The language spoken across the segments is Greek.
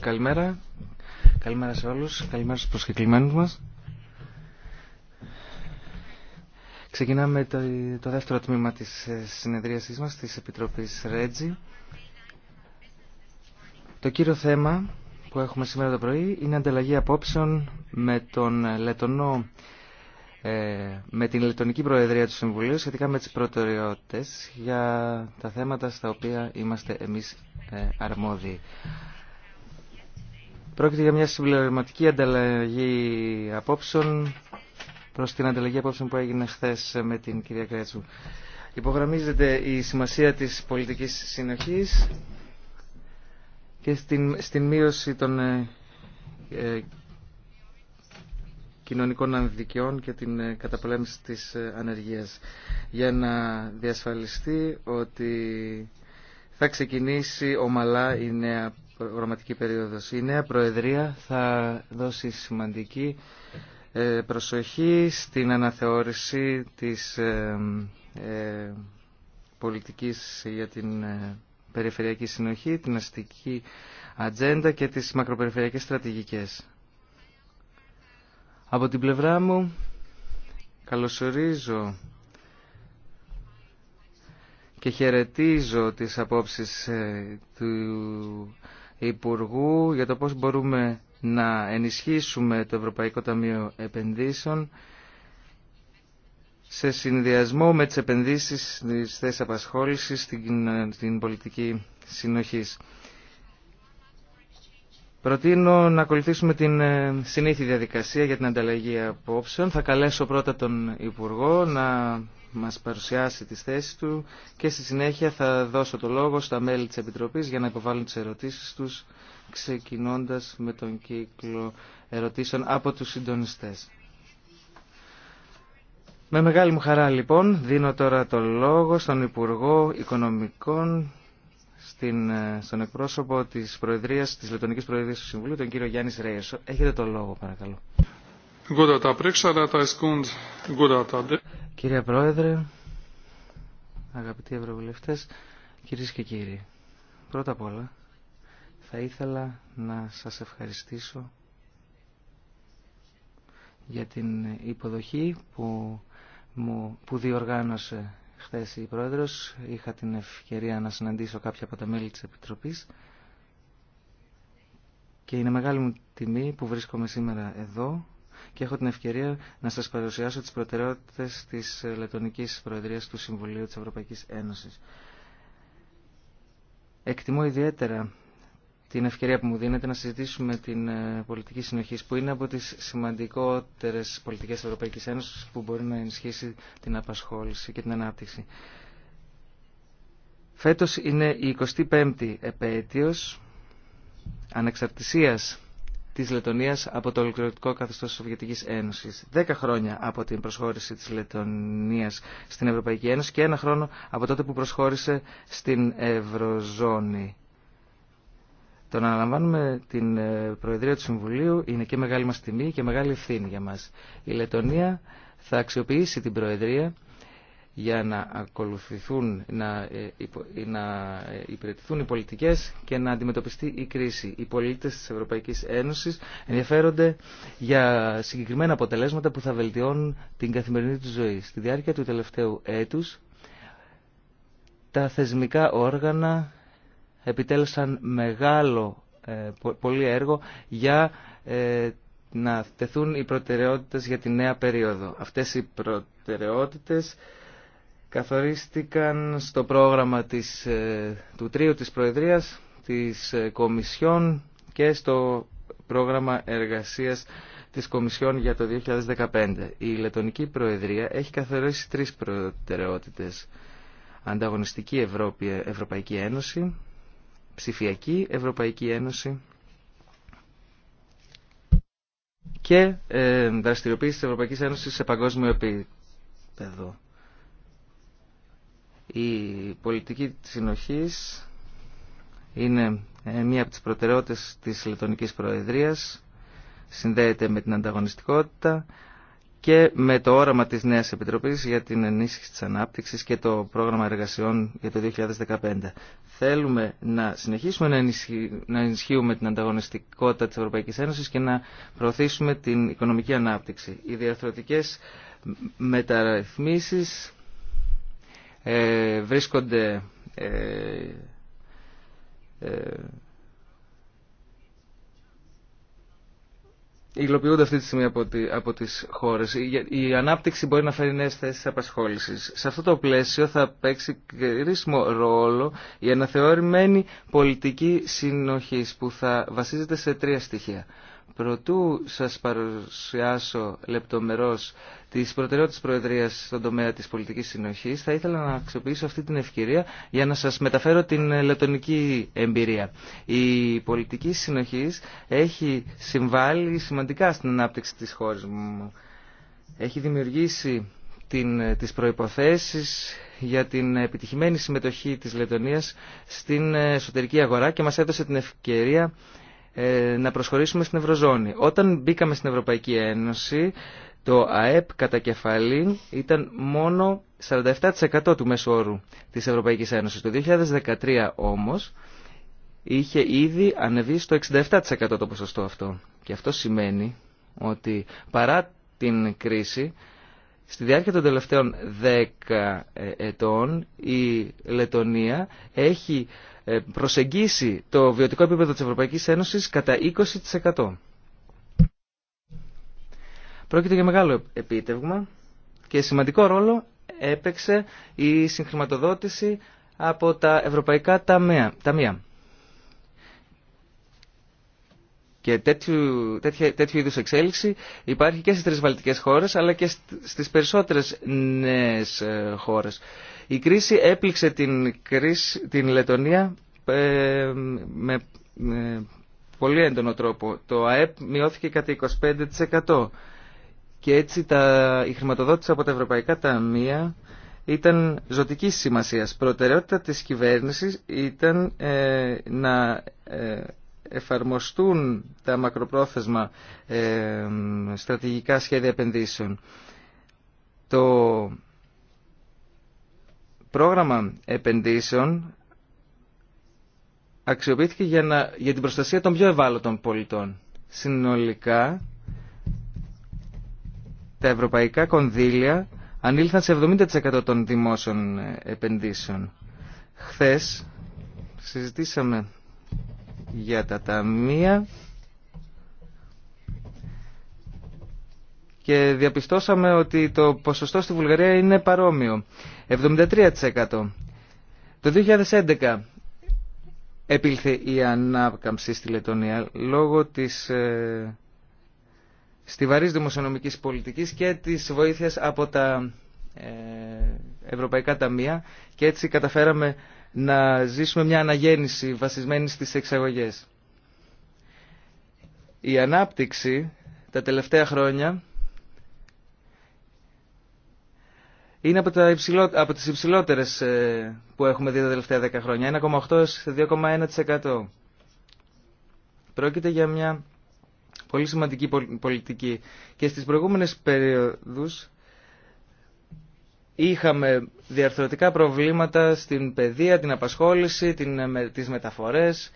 Καλημέρα. Καλημέρα σε όλους. Καλημέρα στους προσκεκλημένους μας. Ξεκινάμε το, το δεύτερο τμήμα της ε, συνεδρίασής μας, της Επιτροπής Ρέτζι. Το κύριο θέμα που έχουμε σήμερα το πρωί είναι ανταλλαγή απόψεων με τον Λετωνό ε, με την Λετωνική Προεδρία του Συμβουλίου σχετικά με τις προτεραιότητες για τα θέματα στα οποία είμαστε εμείς ε, αρμόδιοι. Πρόκειται για μια συμπληρωματική ανταλλαγή απόψεων προς την ανταλλαγή απόψεων που έγινε χθε με την κυρία Κρέτσου. Υπογραμμίζεται η σημασία της πολιτικής συνοχής και στην, στην μείωση των ε, κοινωνικών ανδικιών και την ε, καταπολέμηση της ε, ανεργίας για να διασφαλιστεί ότι θα ξεκινήσει ομαλά η νέα προγραμματική περίοδος. Η νέα Προεδρία θα δώσει σημαντική ε, προσοχή στην αναθεώρηση της πολιτικής για την περιφερειακή συνοχή, την αστική ατζέντα και τις μακροπεριφερειακές στρατηγικές. Από την πλευρά μου καλωσορίζω και χαιρετίζω τις απόψεις ε, του Υπουργού για το πώς μπορούμε να ενισχύσουμε το Ευρωπαϊκό Ταμείο Επενδύσεων σε συνδυασμό με τις επενδύσεις στις θέσεις απασχόλησης στην, στην πολιτική συνοχής. Προτείνω να ακολουθήσουμε την ε, συνήθη διαδικασία για την ανταλλαγή απόψεων. Θα καλέσω πρώτα τον Υπουργό να μας παρουσιάσει τις θέσεις του και στη συνέχεια θα δώσω το λόγο στα μέλη της Επιτροπής για να υποβάλουν τις ερωτήσεις τους, ξεκινώντας με τον κύκλο ερωτήσεων από τους συντονιστές. Με μεγάλη μου χαρά λοιπόν δίνω τώρα το λόγο στον Υπουργό Οικονομικών ε, στον εκπρόσωπο της Προεδρίας, της Λετωνικής Προεδρίας του Συμβουλίου, τον κύριο Γιάννη Ρέσο. Έχετε το λόγο, παρακαλώ. Κύριε Πρόεδρε, αγαπητοί Ευρωβουλευτές, κυρίες και κύριοι, πρώτα απ' όλα θα ήθελα να σας ευχαριστήσω για την υποδοχή που, μου, που διοργάνωσε χθες η Πρόεδρος. Είχα την ευκαιρία να συναντήσω κάποια από τα μέλη της Επιτροπής. Και είναι μεγάλη μου τιμή που βρίσκομαι σήμερα εδώ και έχω την ευκαιρία να σας παρουσιάσω τις προτεραιότητες της Λετωνικής Προεδρίας του Συμβουλίου της Ευρωπαϊκής Ένωσης. Εκτιμώ ιδιαίτερα την ευκαιρία που μου δίνετε να συζητήσουμε την ε, πολιτική συνοχή που είναι από τις σημαντικότερες πολιτικές της Ευρωπαϊκής Ένωσης που μπορεί να ενισχύσει την απασχόληση και την ανάπτυξη. Φέτος είναι η 25η επέτειος ανεξαρτησίας της Λετωνία από το ολοκληρωτικό καθεστώς τη Σοβιετική Ένωσης. Δέκα χρόνια από την προσχώρηση τη Λετωνία στην Ευρωπαϊκή Ένωση και ένα χρόνο από τότε που προσχώρησε στην Ευρωζώνη. Το να αναλαμβάνουμε την ε, Προεδρία του Συμβουλίου είναι και μεγάλη μας τιμή και μεγάλη ευθύνη για μας. Η Λετωνία θα αξιοποιήσει την Προεδρία για να ακολουθηθούν, να, ε, ε, να υπηρετηθούν οι πολιτικές και να αντιμετωπιστεί η κρίση. Οι πολίτες της Ευρωπαϊκής Ένωσης ενδιαφέρονται για συγκεκριμένα αποτελέσματα που θα βελτιώνουν την καθημερινή του ζωή. Στη διάρκεια του τελευταίου έτους, τα θεσμικά όργανα επιτέλεσαν μεγάλο ε, πολύ έργο για ε, να θεθούν οι προτεραιότητες για τη νέα περίοδο. Αυτές οι προτεραιότητες καθορίστηκαν στο πρόγραμμα της, ε, του Τρίου της Προεδρίας, της Κομισιόν και στο πρόγραμμα εργασίας της Κομισιόν για το 2015. Η Λετωνική Προεδρία έχει καθορίσει τρεις προτεραιότητες. Ανταγωνιστική Ευρώπη, Ευρωπαϊκή Ένωση, ψηφιακή Ευρωπαϊκή Ένωση και ε, δραστηριοποίηση της Ευρωπαϊκής Ένωσης σε παγκόσμιο επίπεδο. Η πολιτική της συνοχής είναι ε, μία από τις προτεραιότητες της Λετωνικής Προεδρίας, συνδέεται με την ανταγωνιστικότητα, και με το όραμα της νέας Επιτροπής για την ενίσχυση της ανάπτυξης και το πρόγραμμα εργασιών για το 2015. Θέλουμε να συνεχίσουμε να, ενισχύουμε την ανταγωνιστικότητα της Ευρωπαϊκής Ένωσης και να προωθήσουμε την οικονομική ανάπτυξη. Οι διαρθρωτικές μεταρρυθμίσεις ε, βρίσκονται... ε, ε υλοποιούνται αυτή τη στιγμή από, τη, από τις χώρες. Η, η ανάπτυξη μπορεί να φέρει νέες θέσεις απασχόλησης. Σε αυτό το πλαίσιο θα παίξει κρίσιμο ρόλο η αναθεωρημένη πολιτική συνοχής που θα βασίζεται σε τρία στοιχεία. Προτού σας παρουσιάσω λεπτομερώς τις προτεραιότητες Προεδρίας στον τομέα της πολιτικής συνοχής, θα ήθελα να αξιοποιήσω αυτή την ευκαιρία για να σας μεταφέρω την λεπτονική εμπειρία. Η πολιτική συνοχής έχει συμβάλει σημαντικά στην ανάπτυξη της χώρας μου. Έχει δημιουργήσει την, τις προϋποθέσεις για την επιτυχημένη συμμετοχή της Λετωνίας στην εσωτερική αγορά και μα έδωσε την ευκαιρία ε, να προσχωρήσουμε στην Ευρωζώνη. Όταν μπήκαμε στην Ευρωπαϊκή Ένωση, το ΑΕΠ κατά κεφαλή ήταν μόνο 47% του μέσου όρου της Ευρωπαϊκής Ένωσης. Το 2013 όμως είχε ήδη ανεβεί στο 67% το ποσοστό αυτό. Και αυτό σημαίνει ότι παρά την κρίση, στη διάρκεια των τελευταίων 10 ετών η Λετωνία έχει ε, προσεγγίσει το βιωτικό επίπεδο της Ευρωπαϊκής Ένωσης κατά 20%. Πρόκειται για μεγάλο επίτευγμα και σημαντικό ρόλο έπαιξε η συγχρηματοδότηση από τα ευρωπαϊκά ταμεία. Και τέτοιου, τέτοια, είδους εξέλιξη υπάρχει και στις τρεις βαλτικές χώρες αλλά και στις περισσότερες νέες ε, χώρες. Η κρίση έπληξε την, κρίση, την Λετωνία ε, με, πολύ έντονο τρόπο. Το ΑΕΠ μειώθηκε κατά 25% και έτσι τα, η χρηματοδότηση από τα ευρωπαϊκά ταμεία ήταν ζωτική σημασία. Προτεραιότητα της κυβέρνησης ήταν ε, να ε, εφαρμοστούν τα μακροπρόθεσμα στρατηγικά σχέδια επενδύσεων. Το πρόγραμμα επενδύσεων αξιοποιήθηκε για, να, για την προστασία των πιο ευάλωτων πολιτών. Συνολικά, τα ευρωπαϊκά κονδύλια ανήλθαν σε 70% των δημόσιων επενδύσεων. Χθες συζητήσαμε για τα ταμεία και διαπιστώσαμε ότι το ποσοστό στη Βουλγαρία είναι παρόμοιο. 73%. Το 2011 επήλθε η ανάκαμψη στη Λετωνία λόγω της ε, στιβαρής δημοσιονομικής πολιτικής και της βοήθειας από τα ε, ευρωπαϊκά ταμεία και έτσι καταφέραμε να ζήσουμε μια αναγέννηση βασισμένη στις εξαγωγές. Η ανάπτυξη τα τελευταία χρόνια είναι από, τα υψηλό, από τις υψηλότερες ε, που έχουμε δει τα τελευταία 10 χρόνια, 1,8 σε 2,1%. Πρόκειται για μια πολύ σημαντική πολιτική. Και στις προηγούμενες περίοδους είχαμε διαρθρωτικά προβλήματα στην παιδεία, την απασχόληση, την, ε, τις μεταφορές,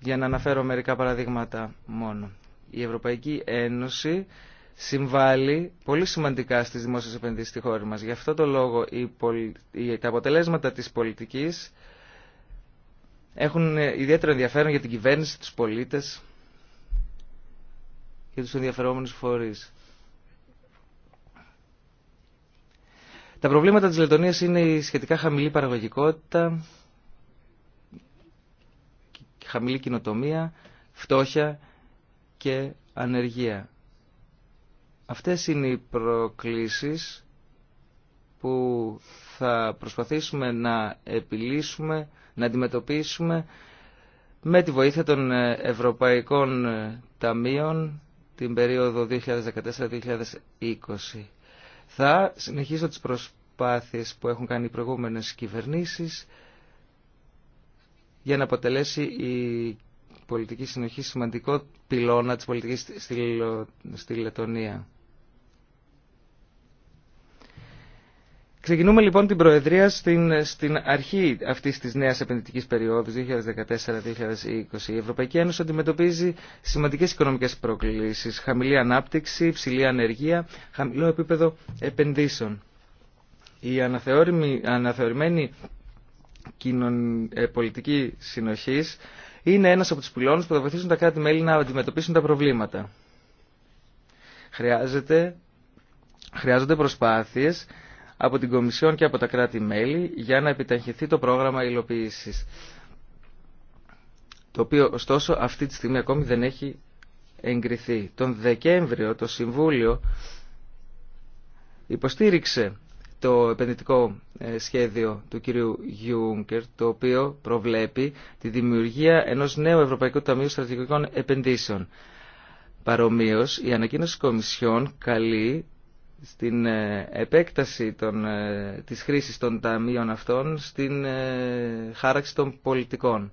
για να αναφέρω μερικά παραδείγματα μόνο. Η Ευρωπαϊκή Ένωση συμβάλλει πολύ σημαντικά στις δημόσιες επενδύσεις στη χώρα μας. Γι' αυτό το λόγο η τα αποτελέσματα της πολιτικής έχουν ε, ιδιαίτερο ενδιαφέρον για την κυβέρνηση, τους πολίτες και τους ενδιαφερόμενους φορείς. Τα προβλήματα της Λετωνίας είναι η σχετικά χαμηλή παραγωγικότητα, χαμηλή κοινοτομία, φτώχεια και ανεργία. Αυτές είναι οι προκλήσεις που θα προσπαθήσουμε να επιλύσουμε, να αντιμετωπίσουμε με τη βοήθεια των Ευρωπαϊκών Ταμείων την περίοδο 2014-2020. Θα συνεχίσω τις προσπάθειες που έχουν κάνει οι προηγούμενες κυβερνήσεις για να αποτελέσει η πολιτική συνοχή σημαντικό πυλώνα της πολιτικής στη Λετωνία. Ξεκινούμε λοιπόν την Προεδρία στην, στην αρχή αυτή τη νέα επενδυτική περίοδου 2014-2020. Η Ευρωπαϊκή Ένωση αντιμετωπίζει σημαντικέ οικονομικέ προκλήσει, χαμηλή ανάπτυξη, ψηλή ανεργία, χαμηλό επίπεδο επενδύσεων. Η αναθεωρημένη κοινων, ε, πολιτική συνοχή είναι ένα από του πυλώνες που θα βοηθήσουν τα κράτη-μέλη να αντιμετωπίσουν τα προβλήματα. Χρειάζεται, χρειάζονται προσπάθειε από την Κομισιόν και από τα κράτη-μέλη για να επιταχυνθεί το πρόγραμμα υλοποίησης. Το οποίο ωστόσο αυτή τη στιγμή ακόμη δεν έχει εγκριθεί. Τον Δεκέμβριο το Συμβούλιο υποστήριξε το επενδυτικό ε, σχέδιο του κυρίου Γιούγκερ, το οποίο προβλέπει τη δημιουργία ενός νέου Ευρωπαϊκού Ταμείου Στρατηγικών Επενδύσεων. Παρομοίως, η ανακοίνωση Κομισιόν καλεί στην ε, επέκταση των, ε, της χρήσης των ταμείων αυτών στην ε, χάραξη των πολιτικών.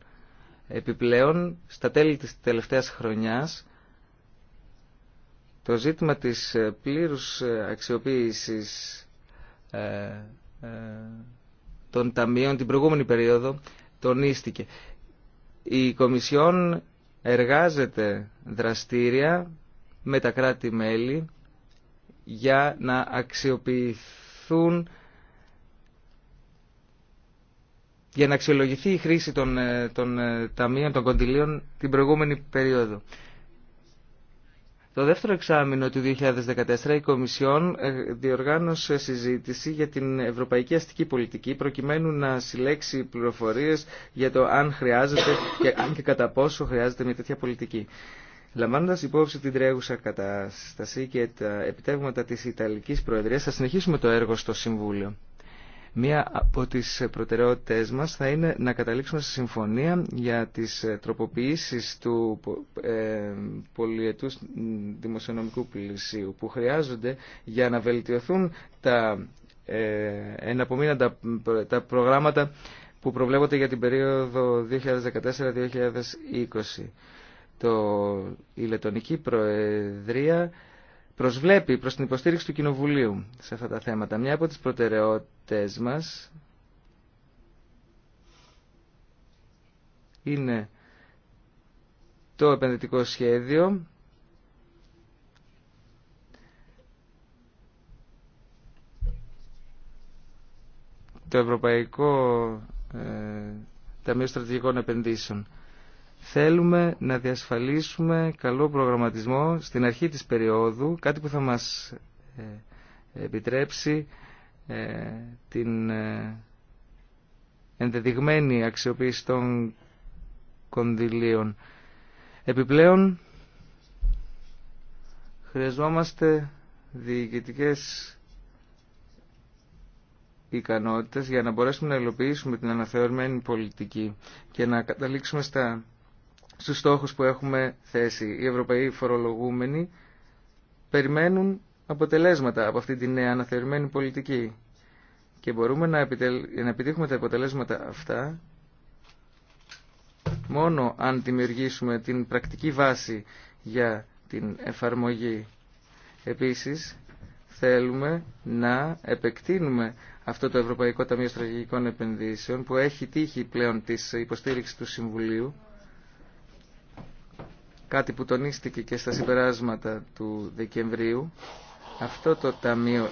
Επιπλέον, στα τέλη της τελευταίας χρονιάς, το ζήτημα της πλήρους αξιοποίησης των ταμείων την προηγούμενη περίοδο τονίστηκε. Η Κομισιόν εργάζεται δραστήρια με τα κράτη-μέλη για να αξιοποιηθούν για να αξιολογηθεί η χρήση των, ε, των ε, ταμείων, των κοντιλίων την προηγούμενη περίοδο. Το δεύτερο εξάμεινο του 2014 η Κομισιόν ε, διοργάνωσε συζήτηση για την Ευρωπαϊκή Αστική Πολιτική προκειμένου να συλλέξει πληροφορίες για το αν χρειάζεται και αν και κατά πόσο χρειάζεται μια τέτοια πολιτική. Λαμβάνοντα υπόψη την τρέχουσα κατάσταση και τα επιτεύγματα τη Ιταλική Προεδρία, θα συνεχίσουμε το έργο στο Συμβούλιο. Μία από τι προτεραιότητέ μα θα είναι να καταλήξουμε στη συμφωνία για τι τροποποιήσει του ε, πολιετού δημοσιονομικού πλησίου που χρειάζονται για να βελτιωθούν τα ε, τα προγράμματα που προβλέπονται για την περίοδο 2014-2020. Το, η Λετωνική Προεδρία προσβλέπει προς την υποστήριξη του Κοινοβουλίου σε αυτά τα θέματα. Μια από τις προτεραιότητες μας είναι το επενδυτικό σχέδιο το Ευρωπαϊκό ε, Ταμείο Στρατηγικών Επενδύσεων. Θέλουμε να διασφαλίσουμε καλό προγραμματισμό στην αρχή της περίοδου, κάτι που θα μας ε, επιτρέψει ε, την ε, ενδεδειγμένη αξιοποίηση των κονδυλίων. Επιπλέον, χρειαζόμαστε διοικητικές ικανότητες για να μπορέσουμε να υλοποιήσουμε την αναθεωρημένη πολιτική και να καταλήξουμε στα στους στόχους που έχουμε θέσει. Οι Ευρωπαίοι φορολογούμενοι περιμένουν αποτελέσματα από αυτή τη νέα αναθεωρημένη πολιτική και μπορούμε να, να επιτύχουμε τα αποτελέσματα αυτά μόνο αν δημιουργήσουμε την πρακτική βάση για την εφαρμογή. Επίσης, θέλουμε να επεκτείνουμε αυτό το Ευρωπαϊκό Ταμείο Στρατηγικών Επενδύσεων που έχει τύχει πλέον της υποστήριξης του Συμβουλίου κάτι που τονίστηκε και στα συμπεράσματα του Δεκεμβρίου, αυτό το Ταμείο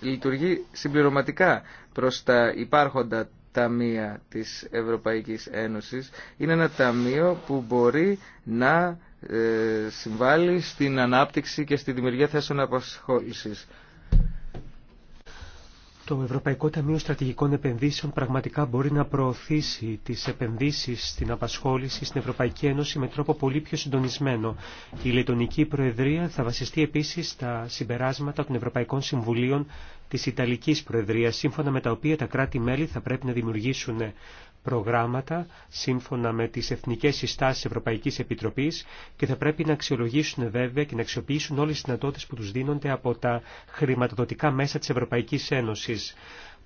λειτουργεί συμπληρωματικά προς τα υπάρχοντα ταμεία της Ευρωπαϊκής Ένωσης. Είναι ένα ταμείο που μπορεί να ε, συμβάλλει στην ανάπτυξη και στη δημιουργία θέσεων απασχόλησης το Ευρωπαϊκό Ταμείο Στρατηγικών Επενδύσεων πραγματικά μπορεί να προωθήσει τις επενδύσεις στην απασχόληση στην Ευρωπαϊκή Ένωση με τρόπο πολύ πιο συντονισμένο. Η Λετωνική Προεδρία θα βασιστεί επίσης στα συμπεράσματα των Ευρωπαϊκών Συμβουλίων της Ιταλικής Προεδρίας, σύμφωνα με τα οποία τα κράτη-μέλη θα πρέπει να δημιουργήσουν προγράμματα σύμφωνα με τις εθνικές συστάσεις Ευρωπαϊκής Επιτροπής και θα πρέπει να αξιολογήσουν βέβαια και να αξιοποιήσουν όλες τις δυνατότητες που τους δίνονται από τα χρηματοδοτικά μέσα της Ευρωπαϊκής Ένωσης.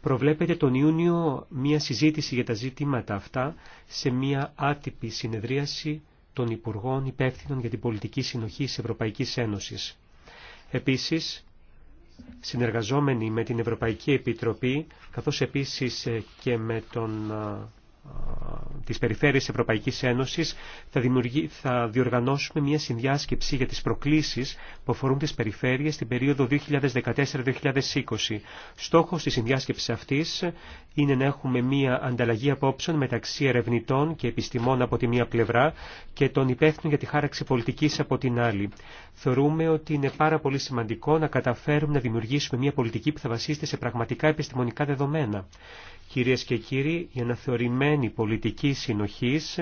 Προβλέπεται τον Ιούνιο μία συζήτηση για τα ζήτηματα αυτά σε μία άτυπη συνεδρίαση των Υπουργών Υπεύθυνων για την Πολιτική Συνοχή της Ευρωπαϊκής Ένωσης. Επίσης, συνεργαζόμενοι με την Ευρωπαϊκή Επιτροπή, καθώς επίσης και με τον της Περιφέρειας Ευρωπαϊκής Ένωσης θα, θα διοργανώσουμε μια συνδιάσκεψη για τις προκλήσεις που αφορούν τις περιφέρειες στην περίοδο 2014-2020. Στόχος της συνδιάσκεψης αυτής είναι να έχουμε μια ανταλλαγή απόψεων μεταξύ ερευνητών και επιστημών από τη μία πλευρά και των υπεύθυνων για τη χάραξη πολιτικής από την άλλη. Θεωρούμε ότι είναι πάρα πολύ σημαντικό να καταφέρουμε να δημιουργήσουμε μια πολιτική που θα βασίζεται σε πραγματικά επιστημονικά δεδομένα. Κυρίες και κύριοι, η αναθεωρημένη πολιτική συνοχής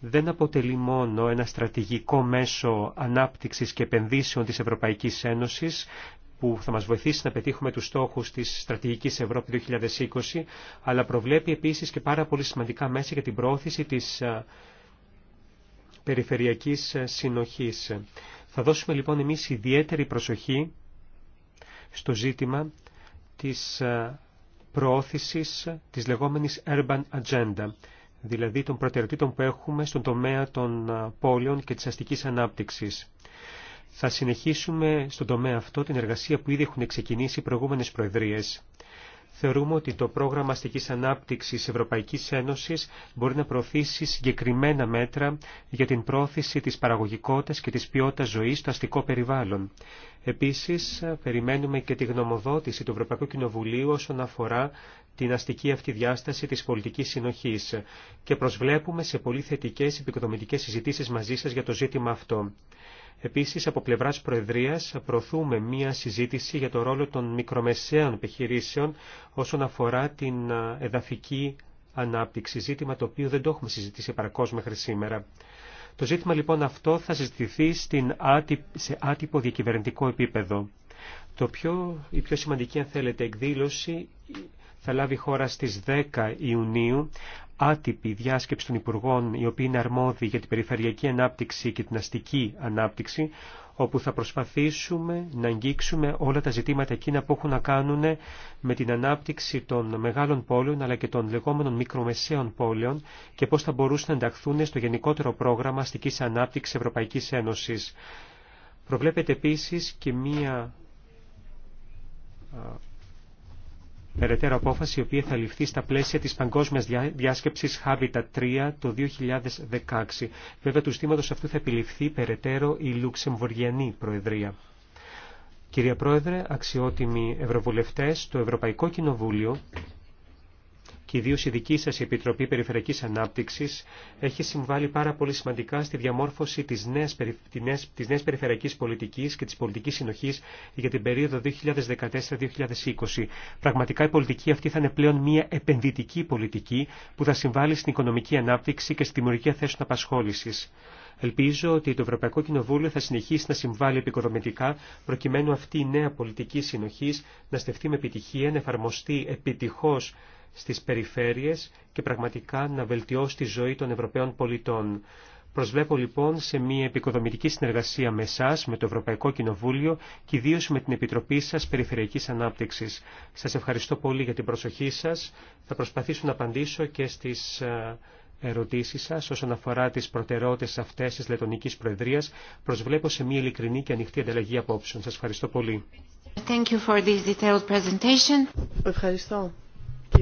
δεν αποτελεί μόνο ένα στρατηγικό μέσο ανάπτυξης και επενδύσεων της Ευρωπαϊκής Ένωσης, που θα μας βοηθήσει να πετύχουμε τους στόχους της Στρατηγικής Ευρώπη 2020, αλλά προβλέπει επίσης και πάρα πολύ σημαντικά μέσα για την προώθηση της ε, περιφερειακής ε, συνοχής. Θα δώσουμε λοιπόν εμείς ιδιαίτερη προσοχή στο ζήτημα της ε, προώθησης της λεγόμενης Urban Agenda, δηλαδή των προτεραιοτήτων που έχουμε στον τομέα των πόλεων και της αστικής ανάπτυξης. Θα συνεχίσουμε στον τομέα αυτό την εργασία που ήδη έχουν ξεκινήσει οι προηγούμενες προεδρίες θεωρούμε ότι το πρόγραμμα αστικής ανάπτυξης Ευρωπαϊκής Ένωσης μπορεί να προωθήσει συγκεκριμένα μέτρα για την πρόθεση της παραγωγικότητας και της ποιότητας ζωής στο αστικό περιβάλλον. Επίσης, περιμένουμε και τη γνωμοδότηση του Ευρωπαϊκού Κοινοβουλίου όσον αφορά την αστική αυτή διάσταση της πολιτική συνοχής και προσβλέπουμε σε πολύ θετικές επικοδομητικές συζητήσεις μαζί σας για το ζήτημα αυτό. Επίσης, από πλευράς Προεδρίας προωθούμε μία συζήτηση για το ρόλο των μικρομεσαίων επιχειρήσεων όσον αφορά την εδαφική ανάπτυξη, ζήτημα το οποίο δεν το έχουμε συζητήσει παρακώς μέχρι σήμερα. Το ζήτημα λοιπόν αυτό θα συζητηθεί στην σε άτυπο διακυβερνητικό επίπεδο. Το πιο, η πιο σημαντική, αν θέλετε, εκδήλωση θα λάβει χώρα στις 10 Ιουνίου άτυπη διάσκεψη των Υπουργών, η οποία είναι αρμόδιοι για την περιφερειακή ανάπτυξη και την αστική ανάπτυξη, όπου θα προσπαθήσουμε να αγγίξουμε όλα τα ζητήματα εκείνα που έχουν να κάνουν με την ανάπτυξη των μεγάλων πόλεων αλλά και των λεγόμενων μικρομεσαίων πόλεων και πώς θα μπορούσαν να ενταχθούν στο γενικότερο πρόγραμμα αστικής ανάπτυξης Ευρωπαϊκής Ένωσης. Προβλέπεται επίσης και μία περαιτέρω απόφαση η οποία θα ληφθεί στα πλαίσια της παγκόσμιας διάσκεψης Habitat 3 το 2016. Βέβαια του στήματος αυτού θα επιληφθεί περαιτέρω η Λουξεμβουργιανή Προεδρία. Κυρία Πρόεδρε, αξιότιμοι Ευρωβουλευτές, το Ευρωπαϊκό Κοινοβούλιο και ιδίω η δική σα Επιτροπή περιφερειακή ανάπτυξη έχει συμβάλει πάρα πολύ σημαντικά στη διαμόρφωση τη νέα περιφερειακή πολιτική και τη πολιτική συνοχή για την περίοδο 2014-2020. Πραγματικά η πολιτική αυτή θα είναι πλέον μια επενδυτική πολιτική που θα συμβάλλει στην οικονομική ανάπτυξη και στη δημιουργία θέσεων απασχόληση. Ελπίζω ότι το Ευρωπαϊκό Κοινοβούλιο θα συνεχίσει να συμβάλλει επικοδομητικά προκειμένου αυτή η νέα πολιτική συνοχή να στεφτεί με επιτυχία, να εφαρμοστεί επιτυχώ στις περιφέρειες και πραγματικά να βελτιώσει τη ζωή των Ευρωπαίων πολιτών. Προσβλέπω λοιπόν σε μια επικοδομητική συνεργασία με εσά, με το Ευρωπαϊκό Κοινοβούλιο και ιδίω με την Επιτροπή σα Περιφερειακή Ανάπτυξη. Σα ευχαριστώ πολύ για την προσοχή σα. Θα προσπαθήσω να απαντήσω και στι ε, ερωτήσει σα όσον αφορά τι προτεραιότητε αυτέ τη Λετωνική Προεδρία. Προσβλέπω σε μια ειλικρινή και ανοιχτή ανταλλαγή απόψεων. Σα ευχαριστώ πολύ. Ευχαριστώ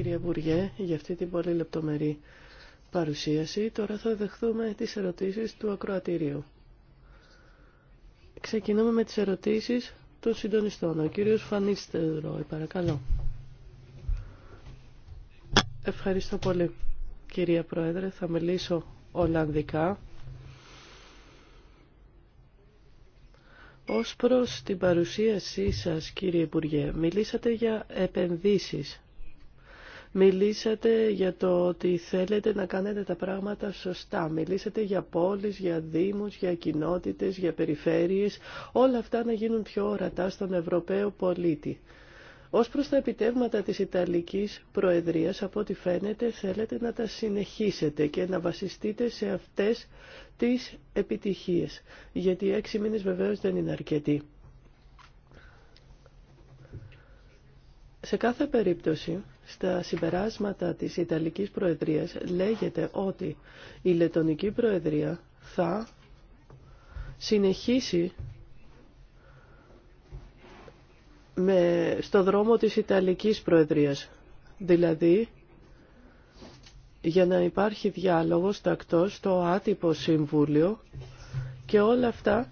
κύριε Υπουργέ για αυτή την πολύ λεπτομερή παρουσίαση. Τώρα θα δεχθούμε τις ερωτήσεις του ακροατηρίου. Ξεκινούμε με τις ερωτήσεις των συντονιστών. Ο κύριος Φανίστερο, παρακαλώ. Ευχαριστώ πολύ, κυρία Πρόεδρε. Θα μιλήσω Ολλανδικά. Ως προς την παρουσίασή σας, κύριε Υπουργέ, μιλήσατε για επενδύσεις Μιλήσατε για το ότι θέλετε να κάνετε τα πράγματα σωστά. Μιλήσατε για πόλεις, για δήμους, για κοινότητες, για περιφέρειες. Όλα αυτά να γίνουν πιο ορατά στον Ευρωπαίο πολίτη. Ως προς τα επιτεύγματα της Ιταλικής Προεδρίας, από ό,τι φαίνεται, θέλετε να τα συνεχίσετε και να βασιστείτε σε αυτές τις επιτυχίες. Γιατί έξι μήνες βεβαίως δεν είναι αρκετοί. Σε κάθε περίπτωση, στα συμπεράσματα της Ιταλικής Προεδρίας λέγεται ότι η Λετωνική Προεδρία θα συνεχίσει με, στο δρόμο της Ιταλικής Προεδρίας. Δηλαδή, για να υπάρχει διάλογος τακτός στο άτυπο Συμβούλιο και όλα αυτά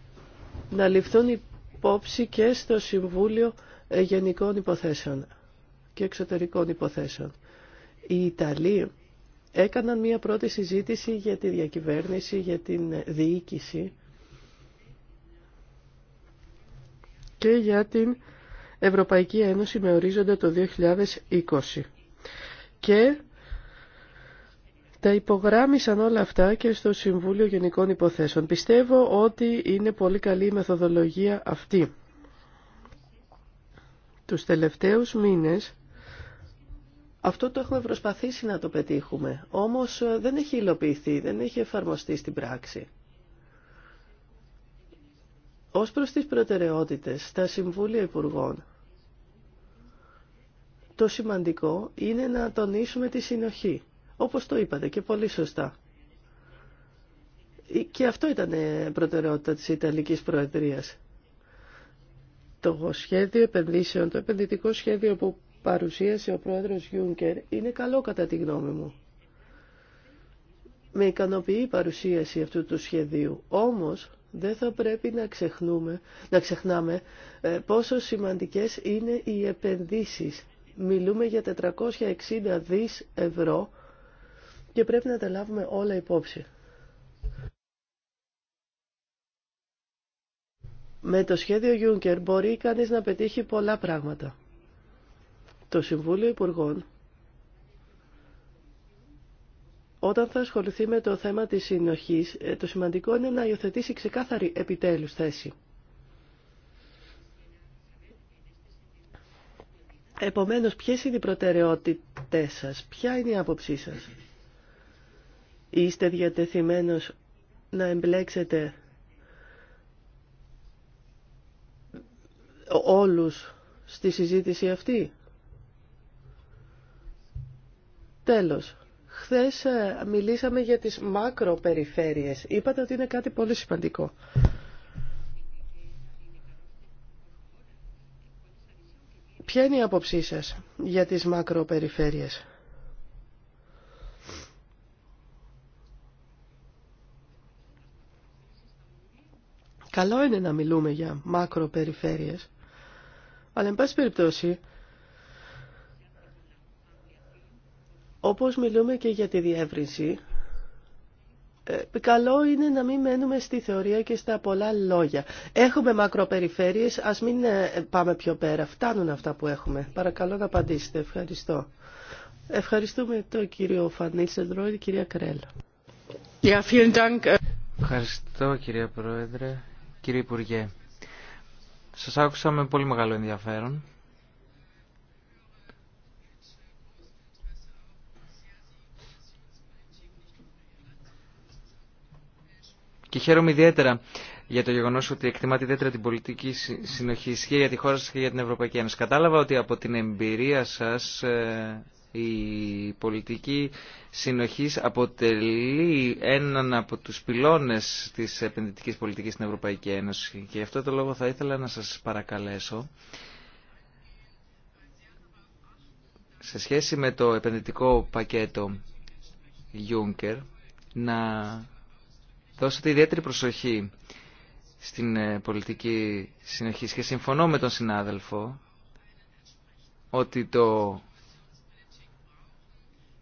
να ληφθούν υπόψη και στο Συμβούλιο Γενικών Υποθέσεων και εξωτερικών υποθέσεων. Οι Ιταλοί έκαναν μία πρώτη συζήτηση για τη διακυβέρνηση, για την διοίκηση και για την Ευρωπαϊκή Ένωση με ορίζοντα το 2020. Και τα υπογράμμισαν όλα αυτά και στο Συμβούλιο Γενικών Υποθέσεων. Πιστεύω ότι είναι πολύ καλή η μεθοδολογία αυτή. Τους τελευταίους μήνες αυτό το έχουμε προσπαθήσει να το πετύχουμε, όμως ε, δεν έχει υλοποιηθεί, δεν έχει εφαρμοστεί στην πράξη. Ως προς τις προτεραιότητες τα Συμβούλια Υπουργών, το σημαντικό είναι να τονίσουμε τη συνοχή, όπως το είπατε και πολύ σωστά. Ε, και αυτό ήταν ε, προτεραιότητα της Ιταλικής Προεδρίας. Το σχέδιο επενδύσεων, το επενδυτικό σχέδιο που παρουσίασε ο πρόεδρος Γιούνκερ είναι καλό κατά τη γνώμη μου. Με ικανοποιεί η παρουσίαση αυτού του σχεδίου, όμως δεν θα πρέπει να, ξεχνούμε, να ξεχνάμε ε, πόσο σημαντικές είναι οι επενδύσεις. Μιλούμε για 460 δις ευρώ και πρέπει να τα λάβουμε όλα υπόψη. Με το σχέδιο Juncker μπορεί κανείς να πετύχει πολλά πράγματα το Συμβούλιο Υπουργών όταν θα ασχοληθεί με το θέμα της συνοχής, ε, το σημαντικό είναι να υιοθετήσει ξεκάθαρη επιτέλους θέση. Επομένως, ποιες είναι οι προτεραιότητές σας, ποια είναι η άποψή σας. Είστε διατεθειμένος να εμπλέξετε όλους στη συζήτηση αυτή. Τέλος, χθες ε, μιλήσαμε για τις μακροπεριφέρειες. Είπατε ότι είναι κάτι πολύ σημαντικό. Ποια είναι η άποψή σας για τις μακροπεριφέρειες. Καλό είναι να μιλούμε για μακροπεριφέρειες, αλλά εν πάση περιπτώσει Όπως μιλούμε και για τη διεύρυνση, ε, καλό είναι να μην μένουμε στη θεωρία και στα πολλά λόγια. Έχουμε μακροπεριφέρειες, ας μην ε, πάμε πιο πέρα. Φτάνουν αυτά που έχουμε. Παρακαλώ να απαντήσετε. Ευχαριστώ. Ευχαριστούμε τον κύριο Φανίλ Σεντρόιδη, κυρία Κρέλ. Ευχαριστώ κυρία Πρόεδρε. Κύριε Υπουργέ, σας άκουσα με πολύ μεγάλο ενδιαφέρον Και χαίρομαι ιδιαίτερα για το γεγονός ότι εκτιμάται ιδιαίτερα την πολιτική συνοχή και για τη χώρα σα και για την Ευρωπαϊκή Ένωση. Κατάλαβα ότι από την εμπειρία σας ε, η πολιτική συνοχής αποτελεί έναν από τους πυλώνες της επενδυτικής πολιτικής στην Ευρωπαϊκή Ένωση και γι' αυτό το λόγο θα ήθελα να σας παρακαλέσω σε σχέση με το επενδυτικό πακέτο Juncker να Δώσατε ιδιαίτερη προσοχή στην ε, πολιτική συνοχή και συμφωνώ με τον συνάδελφο ότι το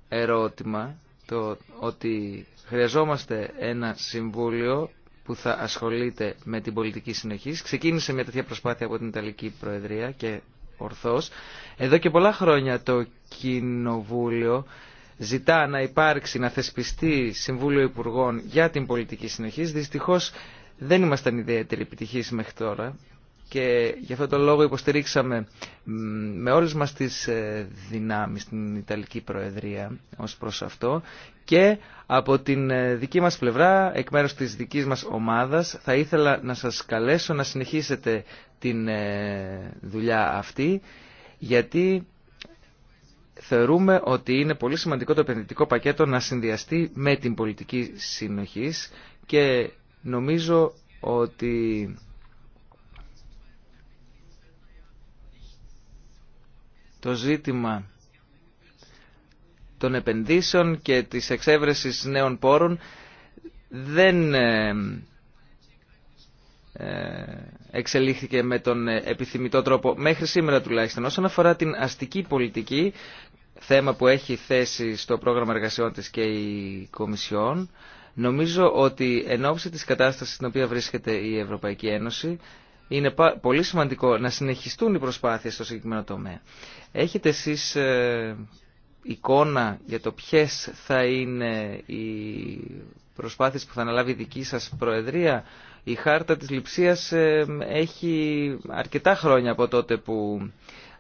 ερώτημα το ότι χρειαζόμαστε ένα συμβούλιο που θα ασχολείται με την πολιτική συνοχή. Ξεκίνησε μια τέτοια προσπάθεια από την Ιταλική Προεδρία και ορθώς. Εδώ και πολλά χρόνια το Κοινοβούλιο ζητά να υπάρξει, να θεσπιστεί Συμβούλιο Υπουργών για την πολιτική συνοχή. Δυστυχώς δεν ήμασταν ιδιαίτερη επιτυχής μέχρι τώρα και γι' αυτό τον λόγο υποστηρίξαμε με όλες μας τις ε, δυνάμεις την Ιταλική Προεδρία ως προς αυτό και από την ε, δική μας πλευρά, εκ μέρους της δικής μας ομάδας, θα ήθελα να σας καλέσω να συνεχίσετε την ε, δουλειά αυτή γιατί θεωρούμε ότι είναι πολύ σημαντικό το επενδυτικό πακέτο να συνδυαστεί με την πολιτική συνοχής και νομίζω ότι το ζήτημα των επενδύσεων και της εξέβρεσης νέων πόρων δεν ε, ε, εξελίχθηκε με τον επιθυμητό τρόπο μέχρι σήμερα τουλάχιστον. Όσον αφορά την αστική πολιτική θέμα που έχει θέσει στο πρόγραμμα εργασιών της και η Κομισιόν. Νομίζω ότι εν ώψη της κατάστασης στην οποία βρίσκεται η Ευρωπαϊκή Ένωση είναι πολύ σημαντικό να συνεχιστούν οι προσπάθειες στο συγκεκριμένο τομέα. Έχετε εσείς ε, εικόνα για το ποιες θα είναι οι προσπάθειες που θα αναλάβει η δική σας Προεδρία. Η χάρτα της λειψείας ε, έχει αρκετά χρόνια από τότε που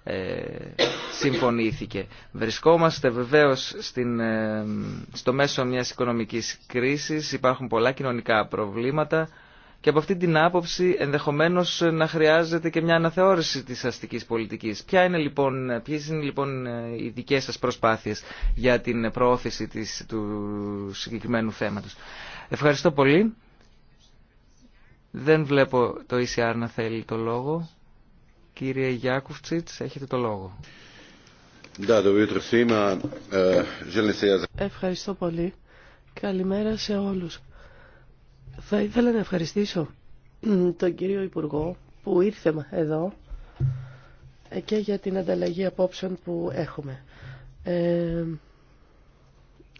ε, συμφωνήθηκε. Βρισκόμαστε βεβαίως στην, ε, στο μέσο μιας οικονομικής κρίσης, υπάρχουν πολλά κοινωνικά προβλήματα και από αυτή την άποψη ενδεχομένως να χρειάζεται και μια αναθεώρηση της αστικής πολιτικής. Ποια είναι λοιπόν, ποιες είναι λοιπόν ε, οι δικές σας προσπάθειες για την προώθηση της, του συγκεκριμένου θέματος. Ευχαριστώ πολύ. Δεν βλέπω το ECR να θέλει το λόγο. Κύριε Γιάκουφτσιτς, έχετε το λόγο. Э, Ευχαριστώ πολύ. Καλημέρα σε όλους. Θα ήθελα να ευχαριστήσω τον κύριο Υπουργό που ήρθε εδώ ε, και για την ανταλλαγή απόψεων που έχουμε. Ε,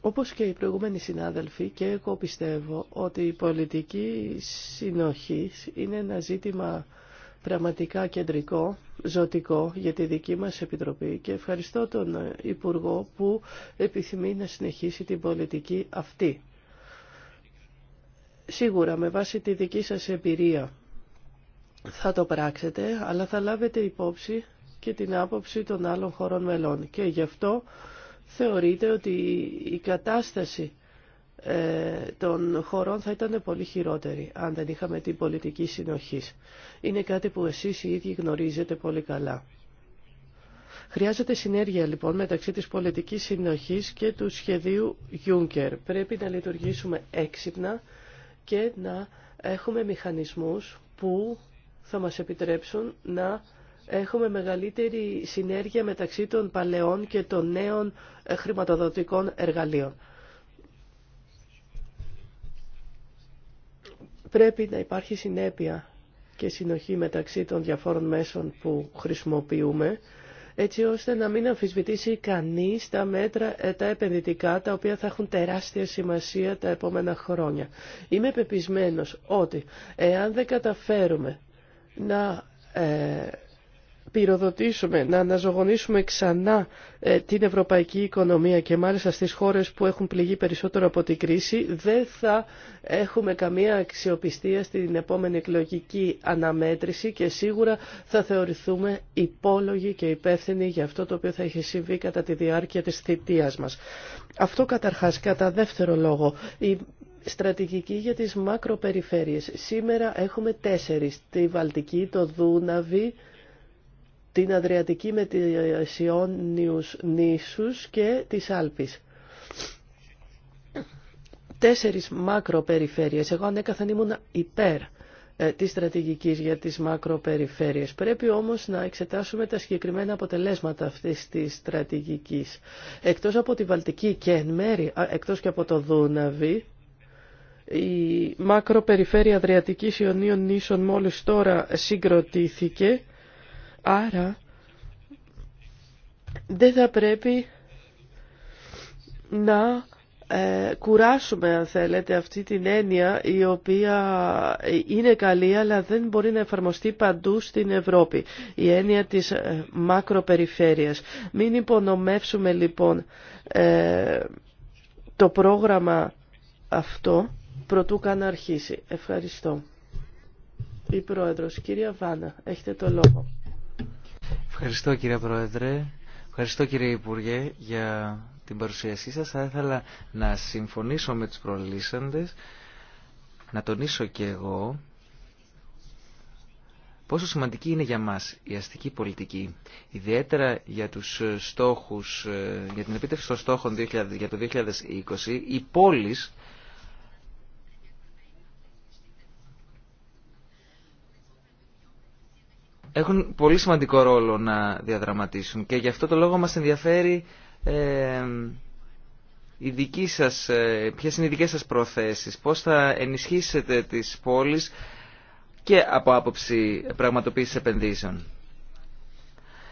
όπως και οι προηγούμενοι συνάδελφοι και εγώ πιστεύω ότι η πολιτική συνοχή είναι ένα ζήτημα πραγματικά κεντρικό, ζωτικό για τη δική μας Επιτροπή και ευχαριστώ τον Υπουργό που επιθυμεί να συνεχίσει την πολιτική αυτή. Σίγουρα με βάση τη δική σας εμπειρία θα το πράξετε, αλλά θα λάβετε υπόψη και την άποψη των άλλων χωρών μελών και γι' αυτό θεωρείτε ότι η κατάσταση ε, των χωρών θα ήταν πολύ χειρότερη αν δεν είχαμε την πολιτική συνοχή. Είναι κάτι που εσείς οι ίδιοι γνωρίζετε πολύ καλά. Χρειάζεται συνέργεια λοιπόν μεταξύ της πολιτικής συνοχής και του σχεδίου Juncker. Πρέπει να λειτουργήσουμε έξυπνα και να έχουμε μηχανισμούς που θα μας επιτρέψουν να έχουμε μεγαλύτερη συνέργεια μεταξύ των παλαιών και των νέων ε, χρηματοδοτικών εργαλείων. Πρέπει να υπάρχει συνέπεια και συνοχή μεταξύ των διαφόρων μέσων που χρησιμοποιούμε, έτσι ώστε να μην αμφισβητήσει κανείς τα μέτρα, ε, τα επενδυτικά, τα οποία θα έχουν τεράστια σημασία τα επόμενα χρόνια. Είμαι πεπισμένος ότι εάν δεν καταφέρουμε να ε, πυροδοτήσουμε, να αναζωογονήσουμε ξανά ε, την ευρωπαϊκή οικονομία και μάλιστα στις χώρες που έχουν πληγεί περισσότερο από την κρίση, δεν θα έχουμε καμία αξιοπιστία στην επόμενη εκλογική αναμέτρηση και σίγουρα θα θεωρηθούμε υπόλογοι και υπεύθυνοι για αυτό το οποίο θα έχει συμβεί κατά τη διάρκεια της θητείας μας. Αυτό καταρχάς, κατά δεύτερο λόγο, η στρατηγική για τις μακροπεριφέρειες. Σήμερα έχουμε τέσσερις, τη Βαλτική, το Δούναβη, την Αδριατική με τις Ιόνιους νήσους και τις Άλπεις. Τέσσερις μακροπεριφέρειες. Εγώ ανέκαθεν ήμουν υπέρ ε, της στρατηγικής για τις μακροπεριφέρειες. Πρέπει όμως να εξετάσουμε τα συγκεκριμένα αποτελέσματα αυτής της στρατηγικής. Εκτός από τη Βαλτική και εν μέρη, εκτός και από το Δούναβι, η μακροπεριφέρεια Αδριατικής Ιωνίων Νήσων μόλις τώρα συγκροτήθηκε Άρα δεν θα πρέπει να ε, κουράσουμε αν θέλετε αυτή την έννοια η οποία είναι καλή αλλά δεν μπορεί να εφαρμοστεί παντού στην Ευρώπη η έννοια της ε, μακροπεριφέρειας μην υπονομεύσουμε λοιπόν ε, το πρόγραμμα αυτό προτού καν αρχίσει ευχαριστώ η Πρόεδρος κυρία Βάνα έχετε το λόγο Ευχαριστώ κύριε Πρόεδρε. Ευχαριστώ κύριε Υπουργέ για την παρουσίασή σας. Θα ήθελα να συμφωνήσω με τους προλύσαντες, να τονίσω και εγώ πόσο σημαντική είναι για μας η αστική πολιτική, ιδιαίτερα για τους στόχους, ε, για την επίτευξη των στόχων για το 2020, η πόλεις έχουν πολύ σημαντικό ρόλο να διαδραματίσουν και γι' αυτό το λόγο μας ενδιαφέρει ε, σας, ε, ποιες είναι οι δικές σας προθέσεις, πώς θα ενισχύσετε τις πόλεις και από άποψη πραγματοποίηση επενδύσεων.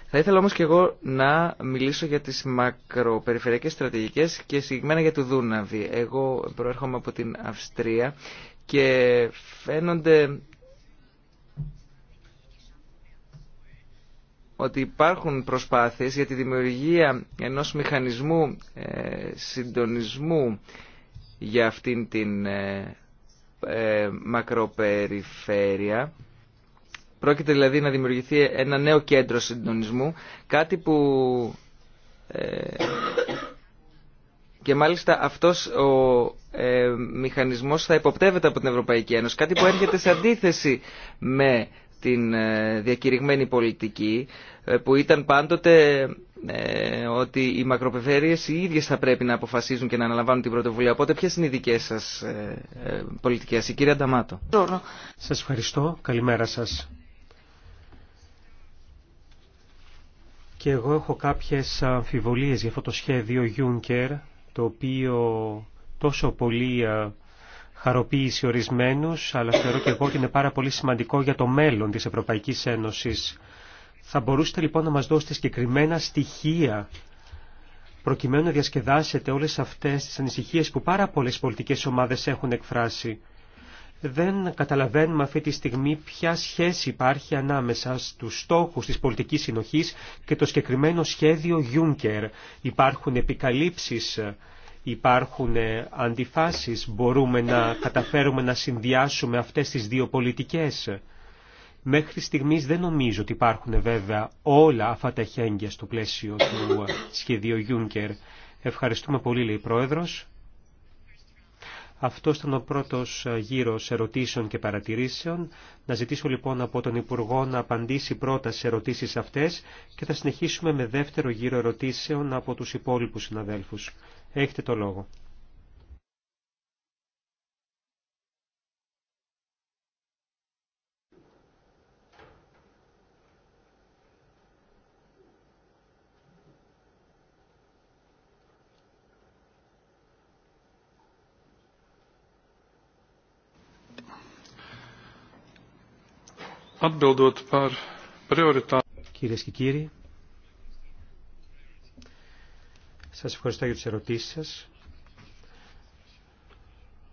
Θα ήθελα όμως και εγώ να μιλήσω για τις μακροπεριφερειακές στρατηγικές και συγκεκριμένα για το Δούναβι. Εγώ προέρχομαι από την Αυστρία και φαίνονται ότι υπάρχουν προσπάθειες για τη δημιουργία ενός μηχανισμού ε, συντονισμού για αυτήν την ε, ε, μακροπεριφέρεια. Πρόκειται δηλαδή να δημιουργηθεί ένα νέο κέντρο συντονισμού, κάτι που και μάλιστα αυτός ο ε, μηχανισμός θα υποπτεύεται από την Ευρωπαϊκή Ένωση, κάτι που έρχεται σε αντίθεση με την ε, διακηρυγμένη πολιτική ε, που ήταν πάντοτε ε, ότι οι μακροπεριφέρειες οι ίδιες θα πρέπει να αποφασίζουν και να αναλαμβάνουν την πρωτοβουλία. Οπότε ποιες είναι οι δικές σας πολιτικές. Η κυρία Νταμάτο. Σας ευχαριστώ. Καλημέρα σας. Και εγώ έχω κάποιες αμφιβολίες για αυτό το σχέδιο Juncker το οποίο τόσο πολύ χαροποίηση ορισμένους, αλλά θεωρώ και εγώ ότι είναι πάρα πολύ σημαντικό για το μέλλον της Ευρωπαϊκής Ένωσης. Θα μπορούσατε λοιπόν να μας δώσετε συγκεκριμένα στοιχεία προκειμένου να διασκεδάσετε όλες αυτές τις ανησυχίες που πάρα πολλές πολιτικές ομάδες έχουν εκφράσει. Δεν καταλαβαίνουμε αυτή τη στιγμή ποια σχέση υπάρχει ανάμεσα στους στόχους της πολιτικής συνοχής και το συγκεκριμένο σχέδιο Juncker. Υπάρχουν επικαλύψεις υπάρχουν ε, αντιφάσεις, μπορούμε να καταφέρουμε να συνδυάσουμε αυτές τις δύο πολιτικές. Μέχρι στιγμής δεν νομίζω ότι υπάρχουν βέβαια όλα αυτά τα χέγγια στο πλαίσιο του σχεδίου Juncker. Ευχαριστούμε πολύ, λέει η Πρόεδρος. Αυτό ήταν ο πρώτος ε, γύρος ερωτήσεων και παρατηρήσεων. Να ζητήσω λοιπόν από τον Υπουργό να απαντήσει πρώτα σε ερωτήσεις αυτές και θα συνεχίσουμε με δεύτερο γύρο ερωτήσεων από τους υπόλοιπους συναδέλφους. Έχετε το λόγο. Κυρίε Κυρίες και κύριοι, σας ευχαριστώ για τις ερωτήσεις σας.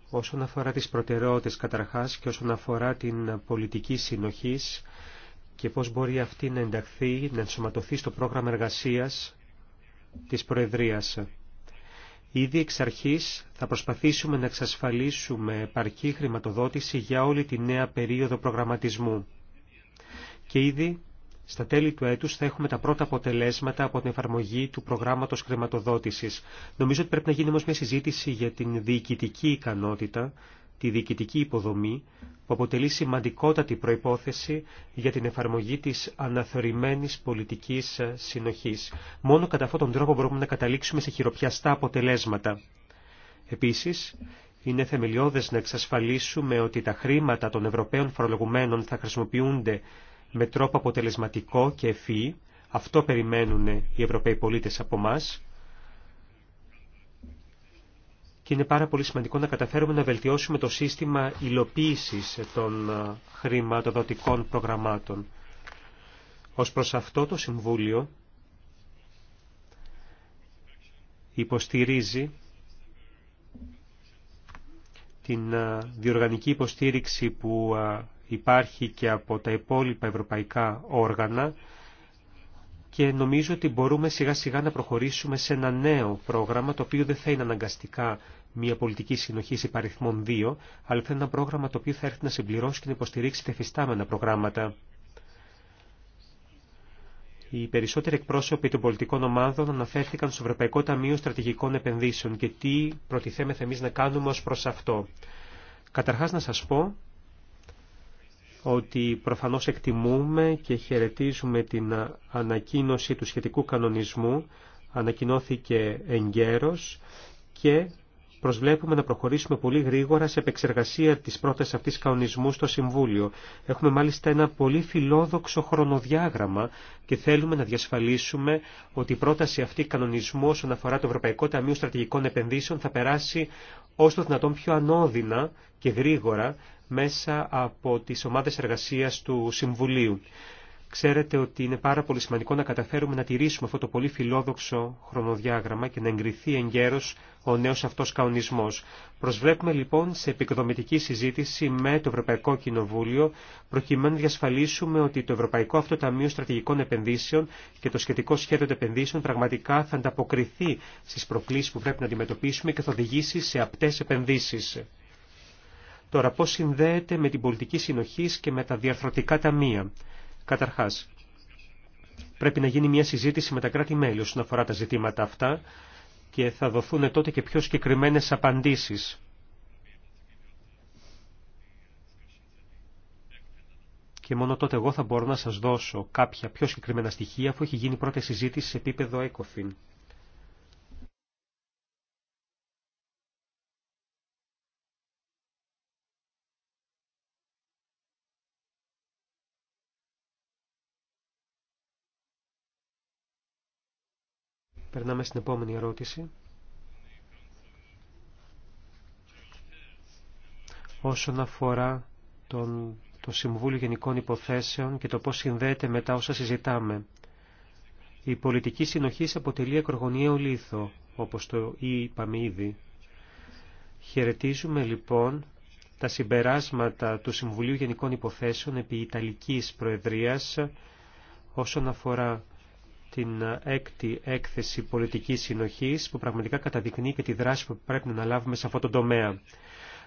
Όσον αφορά τις προτεραιότητες καταρχάς και όσον αφορά την πολιτική συνοχής και πώς μπορεί αυτή να ενταχθεί, να ενσωματωθεί στο πρόγραμμα εργασίας της Προεδρίας. Ήδη εξ αρχής θα προσπαθήσουμε να εξασφαλίσουμε επαρκή χρηματοδότηση για όλη τη νέα περίοδο προγραμματισμού και ήδη στα τέλη του έτους θα έχουμε τα πρώτα αποτελέσματα από την εφαρμογή του προγράμματος χρηματοδότησης. Νομίζω ότι πρέπει να γίνει όμως μια συζήτηση για την διοικητική ικανότητα, τη διοικητική υποδομή, που αποτελεί σημαντικότατη προϋπόθεση για την εφαρμογή της αναθεωρημένης πολιτικής συνοχής. Μόνο κατά αυτόν τον τρόπο μπορούμε να καταλήξουμε σε χειροπιαστά αποτελέσματα. Επίσης, είναι θεμελιώδες να εξασφαλίσουμε ότι τα χρήματα των Ευρωπαίων φορολογουμένων θα χρησιμοποιούνται με τρόπο αποτελεσματικό και ευφύ. Αυτό περιμένουν οι Ευρωπαίοι πολίτες από εμά. Και είναι πάρα πολύ σημαντικό να καταφέρουμε να βελτιώσουμε το σύστημα υλοποίησης των ε, χρηματοδοτικών προγραμμάτων. Ως προς αυτό το Συμβούλιο υποστηρίζει την ε, διοργανική υποστήριξη που ε, υπάρχει και από τα υπόλοιπα ευρωπαϊκά όργανα και νομίζω ότι μπορούμε σιγά σιγά να προχωρήσουμε σε ένα νέο πρόγραμμα το οποίο δεν θα είναι αναγκαστικά μια πολιτική συνοχή υπαριθμών 2, αλλά θα είναι ένα πρόγραμμα το οποίο θα έρθει να συμπληρώσει και να υποστηρίξει τα προγράμματα. Οι περισσότεροι εκπρόσωποι των πολιτικών ομάδων αναφέρθηκαν στο Ευρωπαϊκό Ταμείο Στρατηγικών Επενδύσεων και τι προτιθέμεθα εμεί να κάνουμε ω προ αυτό. Καταρχά να σα πω ότι προφανώς εκτιμούμε και χαιρετίζουμε την ανακοίνωση του σχετικού κανονισμού, ανακοινώθηκε εγκαίρος και προσβλέπουμε να προχωρήσουμε πολύ γρήγορα σε επεξεργασία της πρώτης αυτής κανονισμού στο Συμβούλιο. Έχουμε μάλιστα ένα πολύ φιλόδοξο χρονοδιάγραμμα και θέλουμε να διασφαλίσουμε ότι η πρόταση αυτή κανονισμού όσον αφορά το Ευρωπαϊκό Ταμείο Στρατηγικών Επενδύσεων θα περάσει όσο δυνατόν πιο ανώδυνα και γρήγορα μέσα από τις ομάδες εργασίας του Συμβουλίου. Ξέρετε ότι είναι πάρα πολύ σημαντικό να καταφέρουμε να τηρήσουμε αυτό το πολύ φιλόδοξο χρονοδιάγραμμα και να εγκριθεί εν γέρος ο νέος αυτός καονισμός. Προσβλέπουμε λοιπόν σε επικοδομητική συζήτηση με το Ευρωπαϊκό Κοινοβούλιο προκειμένου να διασφαλίσουμε ότι το Ευρωπαϊκό Αυτό Ταμείο Στρατηγικών Επενδύσεων και το σχετικό σχέδιο επενδύσεων πραγματικά θα ανταποκριθεί στις προκλήσεις που πρέπει να αντιμετωπίσουμε και θα οδηγήσει σε απτές επενδύσεις. Τώρα πώς συνδέεται με την πολιτική συνοχή και με τα διαρθρωτικά ταμεία. Καταρχάς, πρέπει να γίνει μια συζήτηση με τα κράτη-μέλη όσον αφορά τα ζητήματα αυτά και θα δοθούν τότε και πιο συγκεκριμένε απαντήσεις. Και μόνο τότε εγώ θα μπορώ να σας δώσω κάποια πιο συγκεκριμένα στοιχεία αφού έχει γίνει πρώτη συζήτηση σε επίπεδο ECOFIN. Περνάμε στην επόμενη ερώτηση. Όσον αφορά τον, το Συμβούλιο Γενικών Υποθέσεων και το πώς συνδέεται μετά όσα συζητάμε. Η πολιτική συνοχή αποτελεί ακρογωνιαίο λίθο, όπως το είπαμε ήδη. Χαιρετίζουμε λοιπόν τα συμπεράσματα του Συμβουλίου Γενικών Υποθέσεων επί Ιταλικής Προεδρίας όσον αφορά την έκτη έκθεση πολιτικής συνοχής που πραγματικά καταδεικνύει και τη δράση που πρέπει να λάβουμε σε αυτό το τομέα.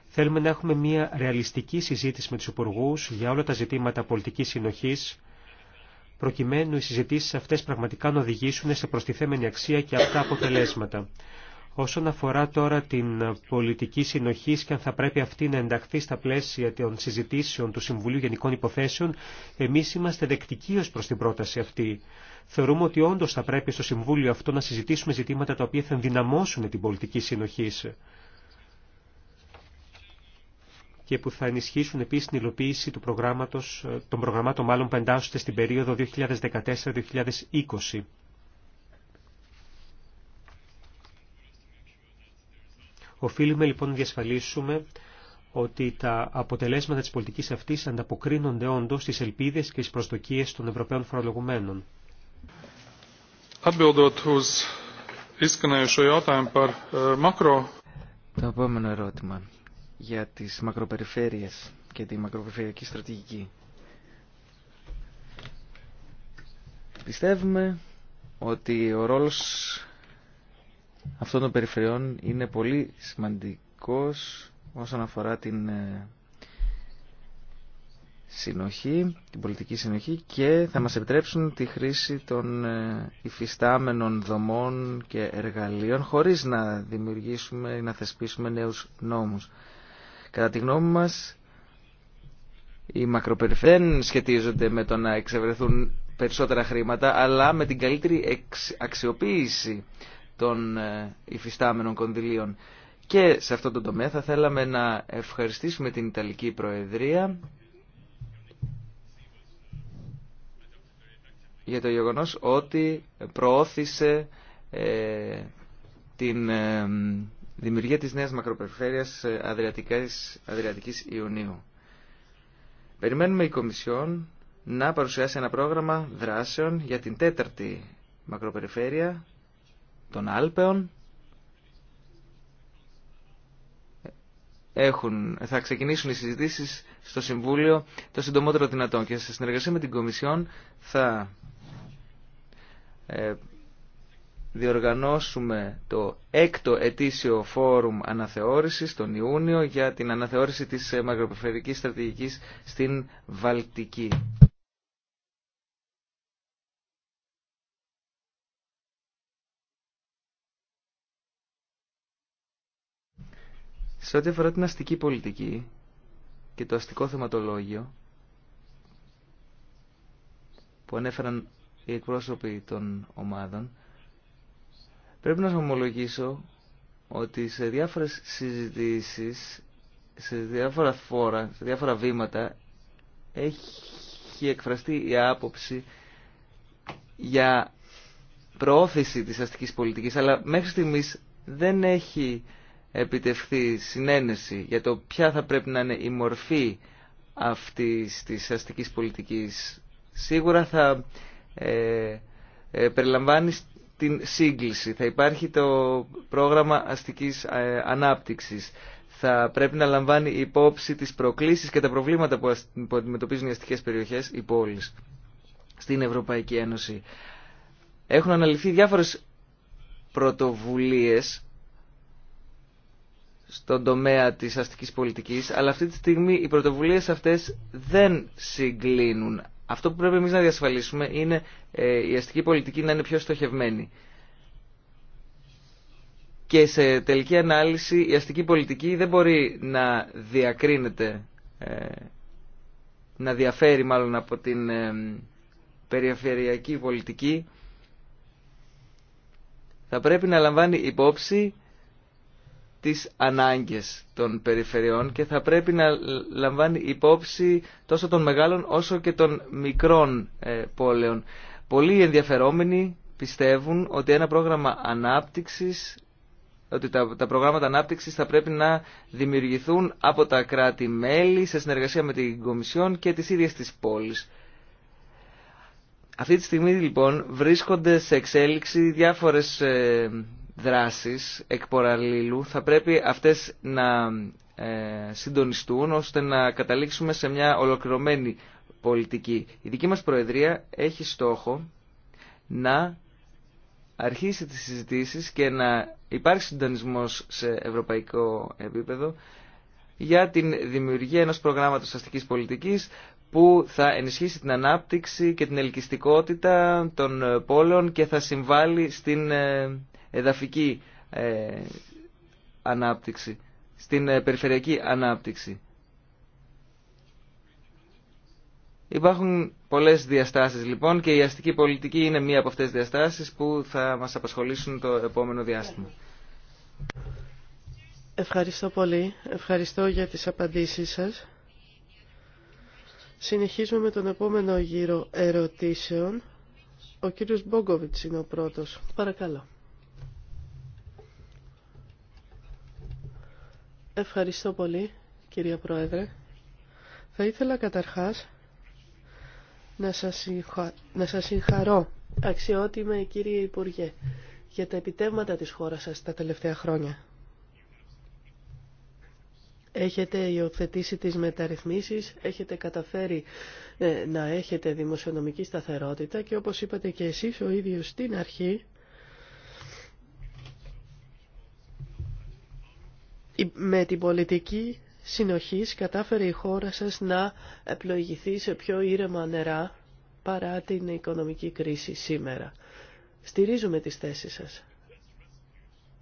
Θέλουμε να έχουμε μια ρεαλιστική συζήτηση με τους υπουργού για όλα τα ζητήματα πολιτικής συνοχής προκειμένου οι συζητήσεις αυτές πραγματικά να οδηγήσουν σε προστιθέμενη αξία και αυτά αποτελέσματα. Όσον αφορά τώρα την πολιτική συνοχή και αν θα πρέπει αυτή να ενταχθεί στα πλαίσια των συζητήσεων του Συμβουλίου Γενικών Υποθέσεων, εμείς είμαστε δεκτικοί ως προς την πρόταση αυτή θεωρούμε ότι όντως θα πρέπει στο Συμβούλιο αυτό να συζητήσουμε ζητήματα τα οποία θα ενδυναμώσουν την πολιτική συνοχή και που θα ενισχύσουν επίσης την υλοποίηση του προγράμματος, των προγραμμάτων μάλλον που εντάσσονται στην περίοδο 2014-2020. Οφείλουμε λοιπόν να διασφαλίσουμε ότι τα αποτελέσματα της πολιτικής αυτής ανταποκρίνονται όντως στις ελπίδες και στις προσδοκίες των Ευρωπαίων φορολογουμένων. Eh, Το επόμενο ερώτημα για τις μακροπεριφέρειες και τη μακροπεριφερειακή στρατηγική. Πιστεύουμε ότι ο ρόλος αυτών των περιφερειών είναι πολύ σημαντικός όσον αφορά την ε, συνοχή, την πολιτική συνοχή και θα μας επιτρέψουν τη χρήση των ε, υφιστάμενων δομών και εργαλείων χωρίς να δημιουργήσουμε ή να θεσπίσουμε νέους νόμους. Κατά τη γνώμη μας, οι μακροπεριφέρειες σχετίζονται με το να εξευρεθούν περισσότερα χρήματα, αλλά με την καλύτερη αξιοποίηση των ε, υφιστάμενων κονδυλίων. Και σε αυτό το τομέα θα θέλαμε να ευχαριστήσουμε την Ιταλική Προεδρία για το γεγονός ότι προώθησε ε, την ε, δημιουργία της νέας μακροπεριφέρειας ε, Αδριατικής, Αδριατικής Ιουνίου. Περιμένουμε η Κομισιόν να παρουσιάσει ένα πρόγραμμα δράσεων για την τέταρτη μακροπεριφέρεια των Άλπαιων. Έχουν, θα ξεκινήσουν οι συζητήσεις στο Συμβούλιο το συντομότερο δυνατόν και σε συνεργασία με την Κομισιόν θα ε, διοργανώσουμε το έκτο ετήσιο φόρουμ αναθεώρησης τον Ιούνιο για την αναθεώρηση της ε, μακροπεριφερικής στρατηγικής στην Βαλτική. Σε ό,τι αφορά την αστική πολιτική και το αστικό θεματολόγιο που ανέφεραν οι εκπρόσωποι των ομάδων, πρέπει να σας ομολογήσω ότι σε διάφορες συζητήσεις, σε διάφορα φόρα, σε διάφορα βήματα, έχει εκφραστεί η άποψη για προώθηση της αστικής πολιτικής, αλλά μέχρι στιγμής δεν έχει επιτευχθεί συνένεση για το ποια θα πρέπει να είναι η μορφή αυτής της αστικής πολιτικής. Σίγουρα θα ε, ε, περιλαμβάνει την σύγκληση. Θα υπάρχει το πρόγραμμα αστικής ε, ανάπτυξης. Θα πρέπει να λαμβάνει υπόψη τις προκλήσεις και τα προβλήματα που αντιμετωπίζουν οι αστικές περιοχές, οι πόλεις, στην Ευρωπαϊκή Ένωση. Έχουν αναλυθεί διάφορες πρωτοβουλίες στον τομέα της αστικής πολιτικής, αλλά αυτή τη στιγμή οι πρωτοβουλίες αυτές δεν συγκλίνουν αυτό που πρέπει εμεί να διασφαλίσουμε είναι ε, η αστική πολιτική να είναι πιο στοχευμένη. Και σε τελική ανάλυση η αστική πολιτική δεν μπορεί να διακρίνεται, ε, να διαφέρει μάλλον από την ε, περιφερειακή πολιτική. Θα πρέπει να λαμβάνει υπόψη τις ανάγκες των περιφερειών και θα πρέπει να λαμβάνει υπόψη τόσο των μεγάλων όσο και των μικρών ε, πόλεων. Πολλοί ενδιαφερόμενοι πιστεύουν ότι ένα πρόγραμμα ανάπτυξης ότι τα, προγράμματα ανάπτυξης θα πρέπει να δημιουργηθούν από τα κράτη-μέλη σε συνεργασία με την Κομισιόν και τις ίδιες τις πόλεις. Αυτή τη στιγμή λοιπόν βρίσκονται σε εξέλιξη διάφορες ε, δράσεις εκ θα πρέπει αυτές να ε, συντονιστούν ώστε να καταλήξουμε σε μια ολοκληρωμένη πολιτική. Η δική μας Προεδρία έχει στόχο να αρχίσει τις συζητήσεις και να υπάρξει συντονισμός σε ευρωπαϊκό επίπεδο για την δημιουργία ενός προγράμματος αστικής πολιτικής που θα ενισχύσει την ανάπτυξη και την ελκυστικότητα των πόλεων και θα συμβάλλει στην ε, εδαφική ε, ανάπτυξη, στην ε, περιφερειακή ανάπτυξη. Υπάρχουν πολλές διαστάσεις λοιπόν και η αστική πολιτική είναι μία από αυτές τις διαστάσεις που θα μας απασχολήσουν το επόμενο διάστημα. Ευχαριστώ πολύ. Ευχαριστώ για τις απαντήσεις σας. Συνεχίζουμε με τον επόμενο γύρο ερωτήσεων. Ο κύριος Μπόγκοβιτς είναι ο πρώτος. Παρακαλώ. Ευχαριστώ πολύ, κυρία Πρόεδρε. Θα ήθελα καταρχάς να σας, να σας συγχαρώ, αξιότιμε κύριε Υπουργέ, για τα επιτεύγματα της χώρας σας τα τελευταία χρόνια. Έχετε υιοθετήσει τις μεταρρυθμίσεις, έχετε καταφέρει ε, να έχετε δημοσιονομική σταθερότητα και όπως είπατε και εσείς ο ίδιος στην αρχή, με την πολιτική συνοχής κατάφερε η χώρα σας να πλοηγηθεί σε πιο ήρεμα νερά παρά την οικονομική κρίση σήμερα. Στηρίζουμε τις θέσεις σας.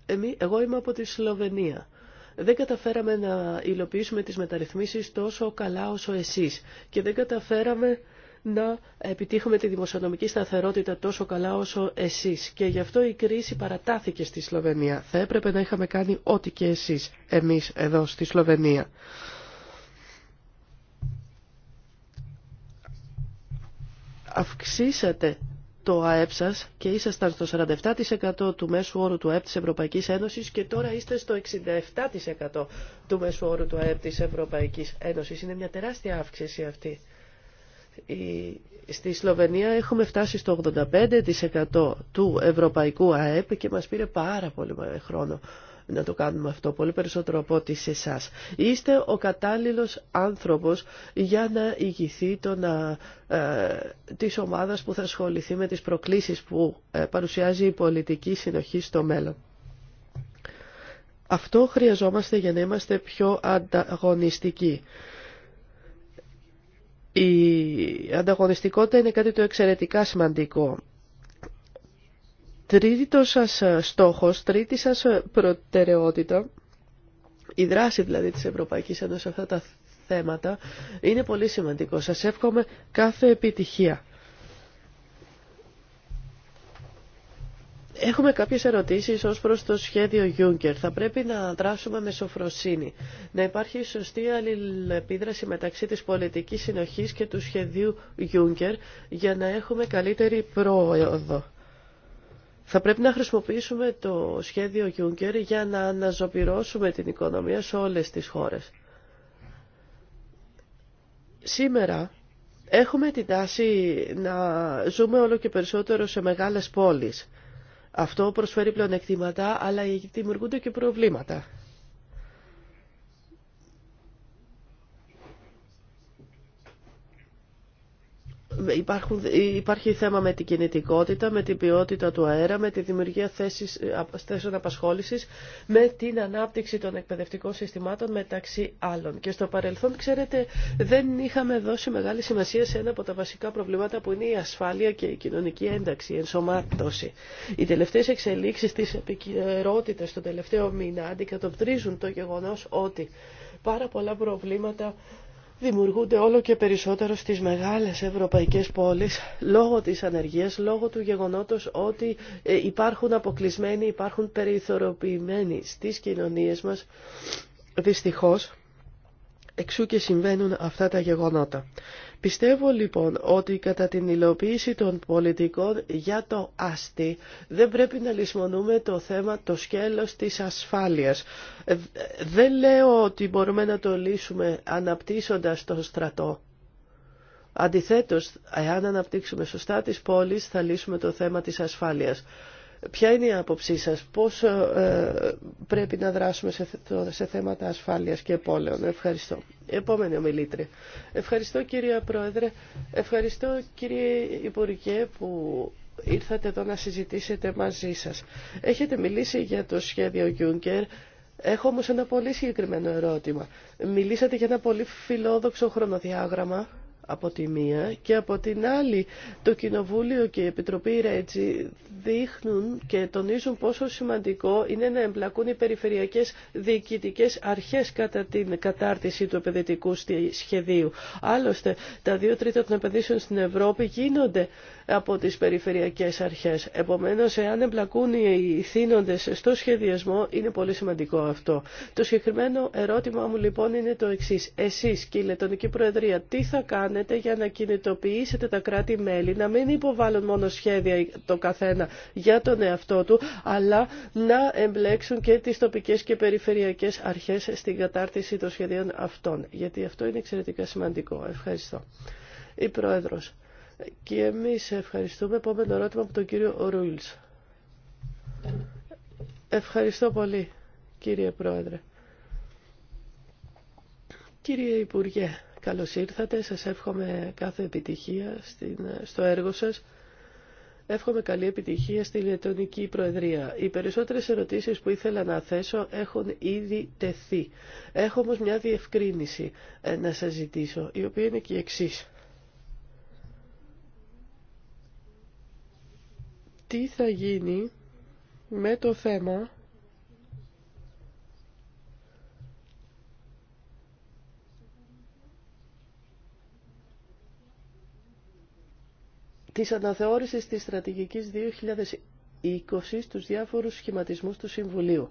Εμεί, εγώ είμαι από τη Σλοβενία. Δεν καταφέραμε να υλοποιήσουμε τις μεταρρυθμίσεις τόσο καλά όσο εσείς και δεν καταφέραμε να επιτύχουμε τη δημοσιονομική σταθερότητα τόσο καλά όσο εσείς. Και γι' αυτό η κρίση παρατάθηκε στη Σλοβενία. Θα έπρεπε να είχαμε κάνει ό,τι και εσείς εμείς εδώ στη Σλοβενία. Αυξήσατε το ΑΕΠ σας και ήσασταν στο 47% του μέσου όρου του ΑΕΠ της Ευρωπαϊκής Ένωσης και τώρα είστε στο 67% του μέσου όρου του ΑΕΠ της Ευρωπαϊκής Ένωσης. Είναι μια τεράστια αύξηση αυτή. Στη Σλοβενία έχουμε φτάσει στο 85% του ευρωπαϊκού ΑΕΠ και μας πήρε πάρα πολύ χρόνο να το κάνουμε αυτό, πολύ περισσότερο από ό,τι σε εσά. Είστε ο κατάλληλος άνθρωπος για να ηγηθεί να, ε, της ομάδας που θα ασχοληθεί με τις προκλήσεις που ε, παρουσιάζει η πολιτική συνοχή στο μέλλον. Αυτό χρειαζόμαστε για να είμαστε πιο ανταγωνιστικοί ανταγωνιστικότητα είναι κάτι το εξαιρετικά σημαντικό. Τρίτη σας στόχος, τρίτη σας προτεραιότητα, η δράση δηλαδή της Ευρωπαϊκής Ένωσης σε αυτά τα θέματα είναι πολύ σημαντικό. Σας εύχομαι κάθε επιτυχία. Έχουμε κάποιες ερωτήσεις ως προς το σχέδιο Juncker. Θα πρέπει να δράσουμε με σοφροσύνη, να υπάρχει σωστή αλληλεπίδραση μεταξύ της πολιτικής συνοχής και του σχεδίου Juncker για να έχουμε καλύτερη πρόοδο. Θα πρέπει να χρησιμοποιήσουμε το σχέδιο Juncker για να αναζωπηρώσουμε την οικονομία σε όλες τις χώρες. Σήμερα έχουμε την τάση να ζούμε όλο και περισσότερο σε μεγάλες πόλεις αυτό προσφέρει πλεονεκτήματα, αλλά δημιουργούνται και προβλήματα. υπάρχει θέμα με την κινητικότητα, με την ποιότητα του αέρα, με τη δημιουργία θέσεις, θέσεων απασχόλησης, με την ανάπτυξη των εκπαιδευτικών συστημάτων μεταξύ άλλων. Και στο παρελθόν, ξέρετε, δεν είχαμε δώσει μεγάλη σημασία σε ένα από τα βασικά προβλήματα που είναι η ασφάλεια και η κοινωνική ένταξη, η ενσωμάτωση. Οι τελευταίες εξελίξεις της επικαιρότητας τον τελευταίο μήνα αντικατοπτρίζουν το γεγονός ότι πάρα πολλά προβλήματα δημιουργούνται όλο και περισσότερο στις μεγάλες ευρωπαϊκές πόλεις λόγω της ανεργίας, λόγω του γεγονότος ότι ε, υπάρχουν αποκλεισμένοι, υπάρχουν περιθωροποιημένοι στις κοινωνίες μας, δυστυχώς, εξού και συμβαίνουν αυτά τα γεγονότα. Πιστεύω λοιπόν ότι κατά την υλοποίηση των πολιτικών για το άστι δεν πρέπει να λησμονούμε το θέμα, το σκέλος της ασφάλειας. Ε, δεν λέω ότι μπορούμε να το λύσουμε αναπτύσσοντας τον στρατό. Αντιθέτως, εάν αναπτύξουμε σωστά τις πόλεις θα λύσουμε το θέμα της ασφάλειας. Ποια είναι η άποψή σας, πώς ε, πρέπει να δράσουμε σε, σε θέματα ασφάλειας και πόλεων. Ευχαριστώ. Επόμενη ομιλήτρια. Ευχαριστώ κυρία Πρόεδρε, ευχαριστώ κύριε Υπουργέ που ήρθατε εδώ να συζητήσετε μαζί σας. Έχετε μιλήσει για το σχέδιο Γιούγκερ, Έχω όμως ένα πολύ συγκεκριμένο ερώτημα. Μιλήσατε για ένα πολύ φιλόδοξο χρονοδιάγραμμα από τη μία και από την άλλη το Κοινοβούλιο και η Επιτροπή Ρέτζι δείχνουν και τονίζουν πόσο σημαντικό είναι να εμπλακούν οι περιφερειακές διοικητικές αρχές κατά την κατάρτιση του επενδυτικού σχεδίου. Άλλωστε, τα δύο τρίτα των επενδύσεων στην Ευρώπη γίνονται από τις περιφερειακές αρχές. Επομένως, εάν εμπλακούν οι θύνοντες στο σχεδιασμό, είναι πολύ σημαντικό αυτό. Το συγκεκριμένο ερώτημα μου λοιπόν είναι το εξής. Εσείς και η Λετωνική Προεδρία, τι θα κάνετε κάνετε για να κινητοποιήσετε τα κράτη-μέλη να μην υποβάλλουν μόνο σχέδια το καθένα για τον εαυτό του, αλλά να εμπλέξουν και τις τοπικές και περιφερειακές αρχές στην κατάρτιση των σχεδίων αυτών. Γιατί αυτό είναι εξαιρετικά σημαντικό. Ευχαριστώ. Η Πρόεδρος. Και εμείς ευχαριστούμε. Επόμενο ερώτημα από τον κύριο Ρούλς. Ευχαριστώ πολύ, κύριε Πρόεδρε. Κύριε Υπουργέ, Καλώς ήρθατε, σας εύχομαι κάθε επιτυχία στο έργο σας. Εύχομαι καλή επιτυχία στη Λετωνική Προεδρία. Οι περισσότερες ερωτήσεις που ήθελα να θέσω έχουν ήδη τεθεί. Έχω όμως μια διευκρίνηση ε, να σας ζητήσω, η οποία είναι και η εξής. Τι θα γίνει με το θέμα της αναθεώρησης της στρατηγικής 2020 στους διάφορους σχηματισμούς του Συμβουλίου.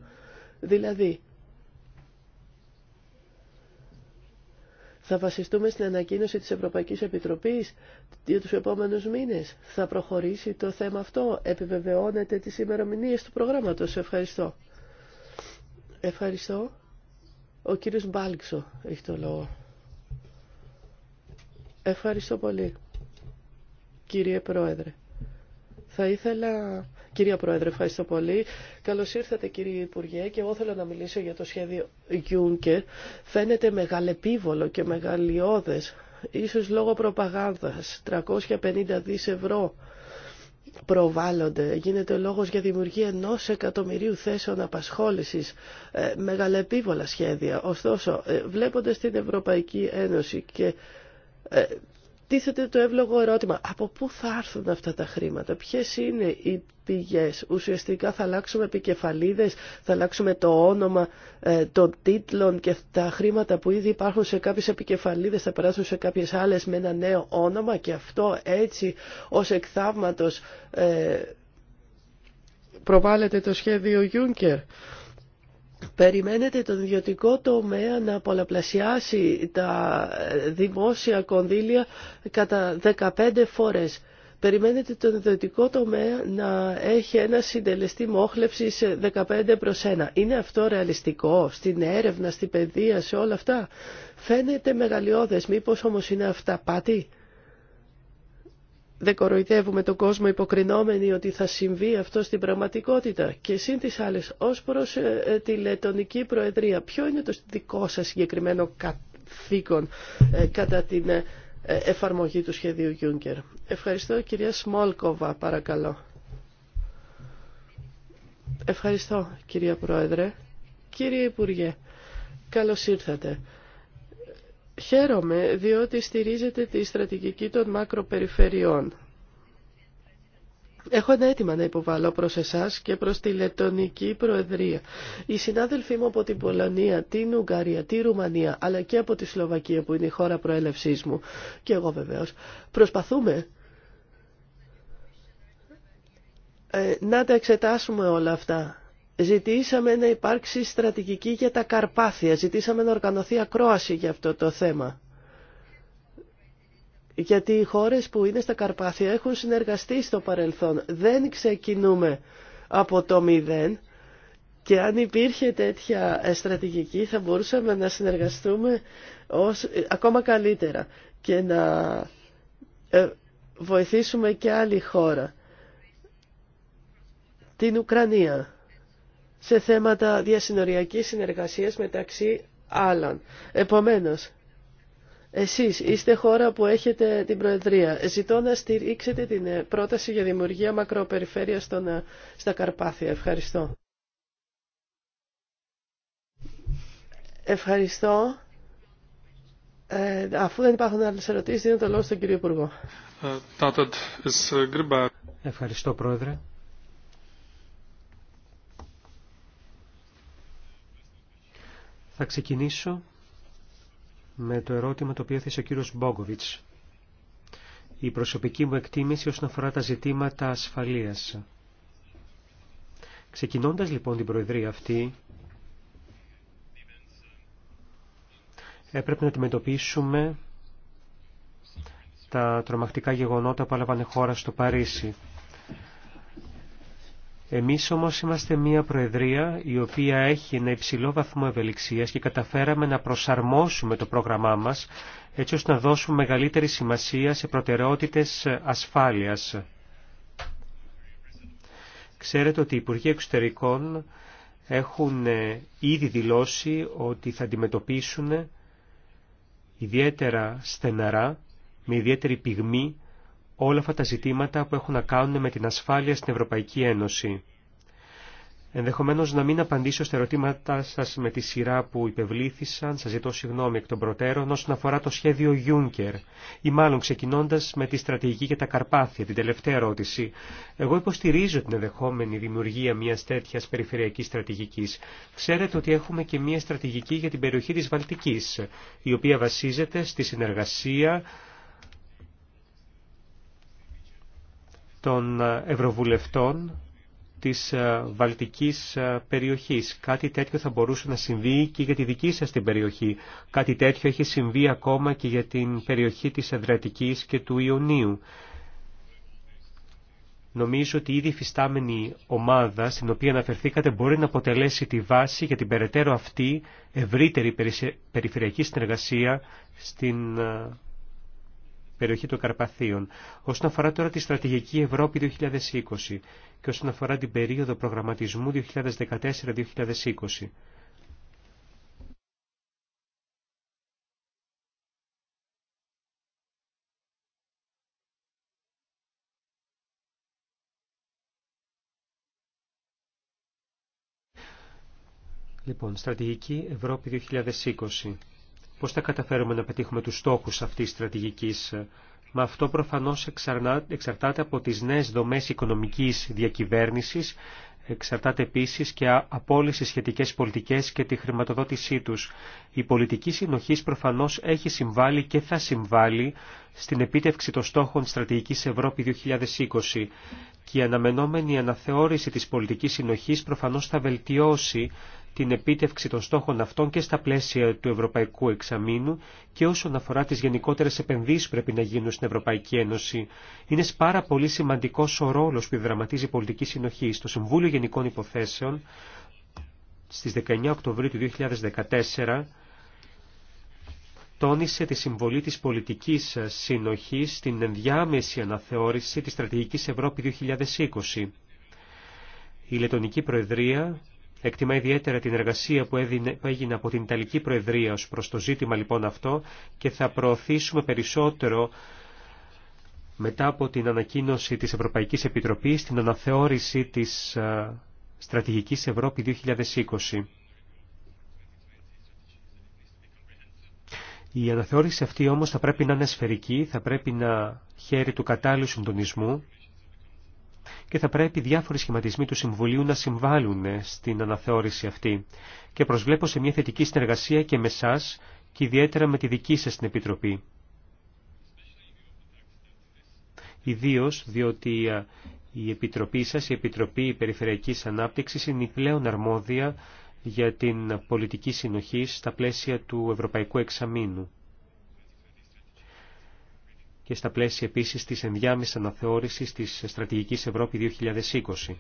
Δηλαδή, Θα βασιστούμε στην ανακοίνωση της Ευρωπαϊκής Επιτροπής για τους επόμενους μήνες. Θα προχωρήσει το θέμα αυτό. Επιβεβαιώνεται τις ημερομηνίες του προγράμματος. Ευχαριστώ. Ευχαριστώ. Ο κύριος Μπάλξο έχει το λόγο. Ευχαριστώ πολύ κύριε Πρόεδρε. Θα ήθελα... Κυρία Πρόεδρε, ευχαριστώ πολύ. Καλώς ήρθατε κύριε Υπουργέ και εγώ θέλω να μιλήσω για το σχέδιο Juncker. Φαίνεται μεγαλεπίβολο και μεγαλειώδες, ίσως λόγω προπαγάνδας, 350 δις ευρώ προβάλλονται. Γίνεται λόγος για δημιουργία ενός εκατομμυρίου θέσεων απασχόλησης. Ε, μεγαλεπίβολα σχέδια. Ωστόσο, ε, βλέποντας την Ευρωπαϊκή Ένωση και ε, τίθεται το εύλογο ερώτημα. Από πού θα έρθουν αυτά τα χρήματα, ποιε είναι οι πηγές. Ουσιαστικά θα αλλάξουμε επικεφαλίδες, θα αλλάξουμε το όνομα ε, των τίτλων και τα χρήματα που ήδη υπάρχουν σε κάποιες επικεφαλίδες θα περάσουν σε κάποιες άλλες με ένα νέο όνομα και αυτό έτσι ως εκθαύματος ε, προβάλλεται το σχέδιο Juncker. Περιμένετε τον ιδιωτικό τομέα να πολλαπλασιάσει τα δημόσια κονδύλια κατά 15 φορές. Περιμένετε τον ιδιωτικό τομέα να έχει ένα συντελεστή σε 15 προς 1. Είναι αυτό ρεαλιστικό στην έρευνα, στην παιδεία, σε όλα αυτά. Φαίνεται μεγαλειώδες, μήπως όμως είναι αυταπάτη δεν κοροϊδεύουμε τον κόσμο υποκρινόμενοι ότι θα συμβεί αυτό στην πραγματικότητα. Και σύν τις άλλες, ως προς ε, ε, τη Λετωνική Προεδρία, ποιο είναι το δικό σας συγκεκριμένο καθήκον ε, κατά την εφαρμογή του σχεδίου Γιούγκερ. Ευχαριστώ κυρία Σμόλκοβα, παρακαλώ. Ευχαριστώ κυρία Πρόεδρε. Κύριε Υπουργέ, καλώς ήρθατε. Χαίρομαι διότι στηρίζεται τη στρατηγική των μακροπεριφερειών. Έχω ένα αίτημα να υποβάλω προς εσάς και προς τη Λετωνική Προεδρία. Οι συνάδελφοί μου από την Πολωνία, την Ουγγαρία, τη Ρουμανία, αλλά και από τη Σλοβακία που είναι η χώρα προέλευσής μου, και εγώ βεβαίως, προσπαθούμε ε, να τα εξετάσουμε όλα αυτά Ζητήσαμε να υπάρξει στρατηγική για τα Καρπάθια. Ζητήσαμε να οργανωθεί ακρόαση για αυτό το θέμα. Γιατί οι χώρες που είναι στα Καρπάθια έχουν συνεργαστεί στο παρελθόν. Δεν ξεκινούμε από το μηδέν. Και αν υπήρχε τέτοια στρατηγική θα μπορούσαμε να συνεργαστούμε ακόμα καλύτερα και να ε, βοηθήσουμε και άλλη χώρα, την Ουκρανία σε θέματα διασυνοριακής συνεργασίας μεταξύ άλλων. Επομένως, εσείς είστε χώρα που έχετε την Προεδρία. Ζητώ να στηρίξετε την ε, πρόταση για δημιουργία μακροπεριφέρεια στον, ε, στα Καρπάθια. Ευχαριστώ. Ευχαριστώ. Ε, αφού δεν υπάρχουν άλλες ερωτήσεις, δίνω το λόγο στον κύριο Υπουργό. Ευχαριστώ, Πρόεδρε. Θα ξεκινήσω με το ερώτημα το οποίο έθεσε ο κύριος Μπόγκοβιτς. Η προσωπική μου εκτίμηση όσον αφορά τα ζητήματα ασφαλείας. Ξεκινώντας λοιπόν την Προεδρία αυτή, έπρεπε να αντιμετωπίσουμε τα τρομακτικά γεγονότα που έλαβαν χώρα στο Παρίσι. Εμείς όμως είμαστε μια Προεδρία η οποία έχει ένα υψηλό βαθμό ευελιξίας και καταφέραμε να προσαρμόσουμε το πρόγραμμά μας έτσι ώστε να δώσουμε μεγαλύτερη σημασία σε προτεραιότητες ασφάλειας. Ξέρετε ότι οι Υπουργοί Εξωτερικών έχουν ε, ήδη δηλώσει ότι θα αντιμετωπίσουν ιδιαίτερα στεναρά, με ιδιαίτερη πυγμή, όλα αυτά τα ζητήματα που έχουν να κάνουν με την ασφάλεια στην Ευρωπαϊκή Ένωση. Ενδεχομένως να μην απαντήσω στα ερωτήματά σας με τη σειρά που υπευλήθησαν, σας ζητώ συγγνώμη εκ των προτέρων, όσον αφορά το σχέδιο Juncker, ή μάλλον ξεκινώντας με τη στρατηγική για τα Καρπάθια, την τελευταία ερώτηση. Εγώ υποστηρίζω την ενδεχόμενη δημιουργία μιας τέτοιας περιφερειακής στρατηγικής. Ξέρετε ότι έχουμε και μια στρατηγική για την περιοχή της Βαλτικής, η οποία βασίζεται στη συνεργασία των Ευρωβουλευτών της ε, Βαλτικής ε, περιοχής. Κάτι τέτοιο θα μπορούσε να συμβεί και για τη δική σας την περιοχή. Κάτι τέτοιο έχει συμβεί ακόμα και για την περιοχή της Αδριατικής και του Ιωνίου. Νομίζω ότι η ήδη φυστάμενη ομάδα στην οποία αναφερθήκατε μπορεί να αποτελέσει τη βάση για την περαιτέρω αυτή ευρύτερη περιφερειακή συνεργασία στην ε, περιοχή των Καρπαθίων, όσον αφορά τώρα τη στρατηγική Ευρώπη 2020 και όσον αφορά την περίοδο προγραμματισμού 2014-2020. Λοιπόν, στρατηγική Ευρώπη 2020 πώς θα καταφέρουμε να πετύχουμε τους στόχους αυτής της στρατηγικής. Μα αυτό προφανώς εξαρτάται από τις νέες δομές οικονομικής διακυβέρνησης, εξαρτάται επίσης και από όλες τις σχετικές πολιτικές και τη χρηματοδότησή τους. Η πολιτική συνοχής προφανώς έχει συμβάλει και θα συμβάλει στην επίτευξη των στόχων στρατηγικής Ευρώπη 2020 και η αναμενόμενη αναθεώρηση της πολιτικής συνοχής προφανώς θα βελτιώσει την επίτευξη των στόχων αυτών και στα πλαίσια του Ευρωπαϊκού Εξαμήνου και όσον αφορά τις γενικότερες επενδύσεις που πρέπει να γίνουν στην Ευρωπαϊκή Ένωση. Είναι πάρα πολύ σημαντικός ο ρόλος που δραματίζει η πολιτική συνοχή στο Συμβούλιο Γενικών Υποθέσεων στις 19 Οκτωβρίου του 2014 τόνισε τη συμβολή της πολιτικής συνοχής στην ενδιάμεση αναθεώρηση της στρατηγικής Ευρώπη 2020. Η Λετωνική Προεδρία Εκτιμά ιδιαίτερα την εργασία που έγινε από την Ιταλική Προεδρία ως προς το ζήτημα λοιπόν αυτό και θα προωθήσουμε περισσότερο μετά από την ανακοίνωση της Ευρωπαϊκής Επιτροπής την αναθεώρηση της Στρατηγικής Ευρώπη 2020. Η αναθεώρηση αυτή όμως θα πρέπει να είναι σφαιρική, θα πρέπει να χαίρει του κατάλληλου συντονισμού και θα πρέπει διάφοροι σχηματισμοί του Συμβουλίου να συμβάλλουν στην αναθεώρηση αυτή και προσβλέπω σε μια θετική συνεργασία και με εσά και ιδιαίτερα με τη δική σας την Επιτροπή. Ιδίω διότι η Επιτροπή σας, η Επιτροπή Περιφερειακής Ανάπτυξης είναι η πλέον αρμόδια για την πολιτική συνοχή στα πλαίσια του Ευρωπαϊκού Εξαμήνου και στα πλαίσια επίσης της ενδιάμεσης αναθεώρησης της Στρατηγικής Ευρώπη 2020.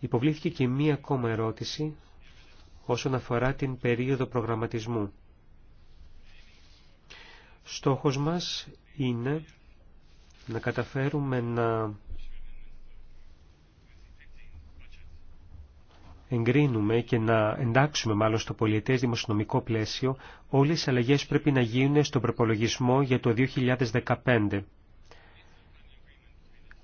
Υποβλήθηκε και μία ακόμα ερώτηση όσον αφορά την περίοδο προγραμματισμού. Στόχος μας είναι να καταφέρουμε να εγκρίνουμε και να εντάξουμε μάλλον στο πολιετές δημοσιονομικό πλαίσιο όλες οι αλλαγές πρέπει να γίνουν στον προπολογισμό για το 2015.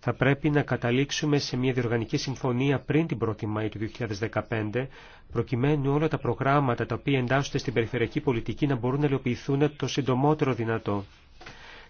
Θα πρέπει να καταλήξουμε σε μια διοργανική συμφωνία πριν την 1η Μαΐου του 2015, προκειμένου όλα τα προγράμματα τα οποία εντάσσονται στην περιφερειακή πολιτική να μπορούν να ελοποιηθούν το συντομότερο δυνατό.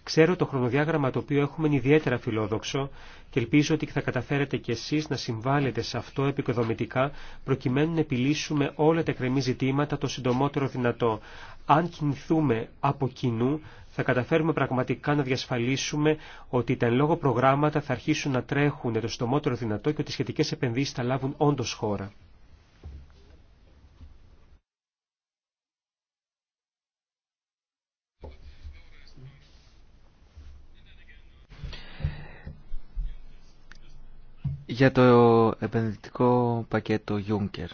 Ξέρω το χρονοδιάγραμμα το οποίο έχουμε είναι ιδιαίτερα φιλόδοξο και ελπίζω ότι θα καταφέρετε κι εσείς να συμβάλλετε σε αυτό επικοδομητικά προκειμένου να επιλύσουμε όλα τα κρεμή ζητήματα το συντομότερο δυνατό. Αν κινηθούμε από κοινού θα καταφέρουμε πραγματικά να διασφαλίσουμε ότι τα εν λόγω προγράμματα θα αρχίσουν να τρέχουν το συντομότερο δυνατό και ότι οι σχετικές επενδύσεις θα λάβουν όντως χώρα. για το επενδυτικό πακέτο Juncker.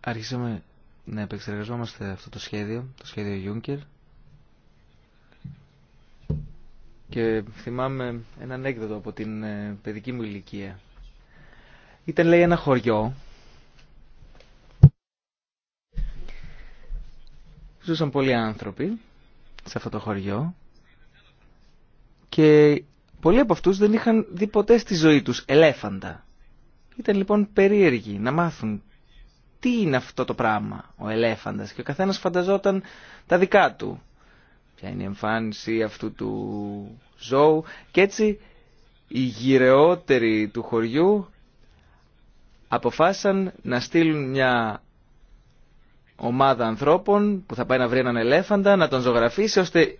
Αρχίσαμε να επεξεργαζόμαστε αυτό το σχέδιο, το σχέδιο Juncker. και θυμάμαι ένα ανέκδοτο από την ε, παιδική μου ηλικία. Ήταν λέει ένα χωριό. Ζούσαν πολλοί άνθρωποι σε αυτό το χωριό και πολλοί από αυτούς δεν είχαν δει ποτέ στη ζωή τους ελέφαντα. Ήταν λοιπόν περίεργοι να μάθουν τι είναι αυτό το πράγμα ο ελέφαντας και ο καθένας φανταζόταν τα δικά του ποια είναι η εμφάνιση αυτού του ζώου και έτσι οι γυρεότεροι του χωριού αποφάσισαν να στείλουν μια ομάδα ανθρώπων που θα πάει να βρει έναν ελέφαντα, να τον ζωγραφίσει ώστε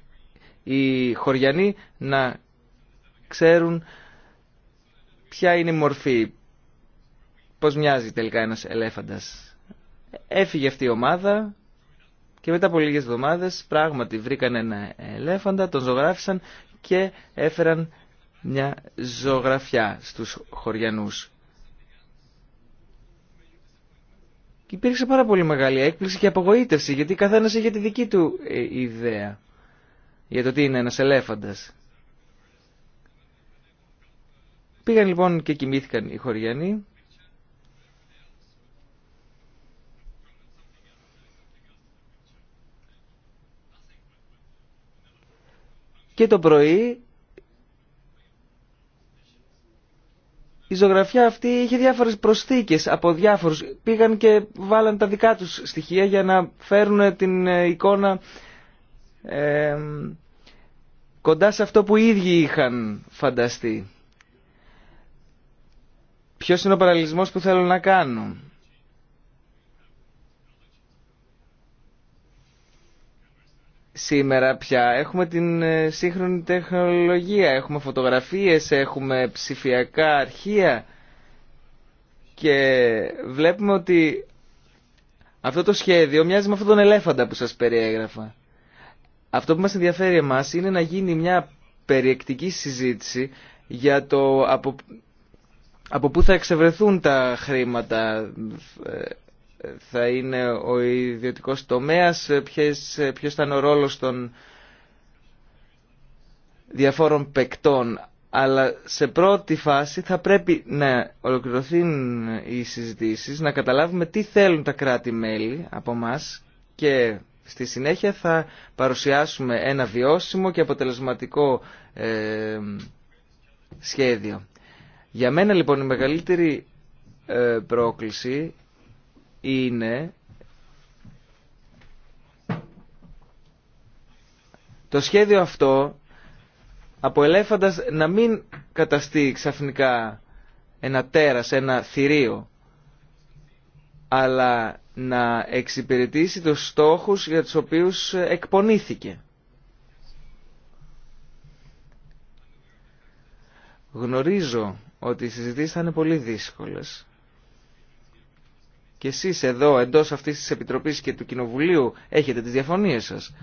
οι χωριανοί να ξέρουν ποια είναι η μορφή, πώς μοιάζει τελικά ένας ελέφαντας. Έφυγε αυτή η ομάδα, και μετά από λίγες εβδομάδες πράγματι βρήκαν ένα ελέφαντα, τον ζωγράφισαν και έφεραν μια ζωγραφιά στους χωριανούς. Και υπήρξε πάρα πολύ μεγάλη έκπληξη και απογοήτευση γιατί καθένας είχε τη δική του ε, ιδέα για το τι είναι ένας ελέφαντας. Πήγαν λοιπόν και κοιμήθηκαν οι χωριανοί και το πρωί η ζωγραφιά αυτή είχε διάφορες προσθήκες από διάφορους. Πήγαν και βάλαν τα δικά τους στοιχεία για να φέρουν την ε, εικόνα κοντά σε αυτό που οι ίδιοι είχαν φανταστεί. Ποιος είναι ο παραλυσμός που θέλω να κάνω. σήμερα πια. Έχουμε την ε, σύγχρονη τεχνολογία, έχουμε φωτογραφίες, έχουμε ψηφιακά αρχεία και βλέπουμε ότι αυτό το σχέδιο μοιάζει με αυτόν τον ελέφαντα που σας περιέγραφα. Αυτό που μας ενδιαφέρει εμάς είναι να γίνει μια περιεκτική συζήτηση για το από, από πού θα εξευρεθούν τα χρήματα ε, θα είναι ο ιδιωτικός τομέας, ποιο ποιος θα είναι ο ρόλος των διαφόρων παικτών. Αλλά σε πρώτη φάση θα πρέπει να ολοκληρωθούν οι συζητήσεις, να καταλάβουμε τι θέλουν τα κράτη-μέλη από μας και στη συνέχεια θα παρουσιάσουμε ένα βιώσιμο και αποτελεσματικό ε, σχέδιο. Για μένα λοιπόν η μεγαλύτερη ε, πρόκληση είναι το σχέδιο αυτό από ελέφαντας να μην καταστεί ξαφνικά ένα τέρας, ένα θηρίο, αλλά να εξυπηρετήσει τους στόχους για τους οποίους εκπονήθηκε. Γνωρίζω ότι οι συζητήσεις θα είναι πολύ δύσκολες και εσείς εδώ εντός αυτής της Επιτροπής και του Κοινοβουλίου έχετε τις διαφωνίες σας.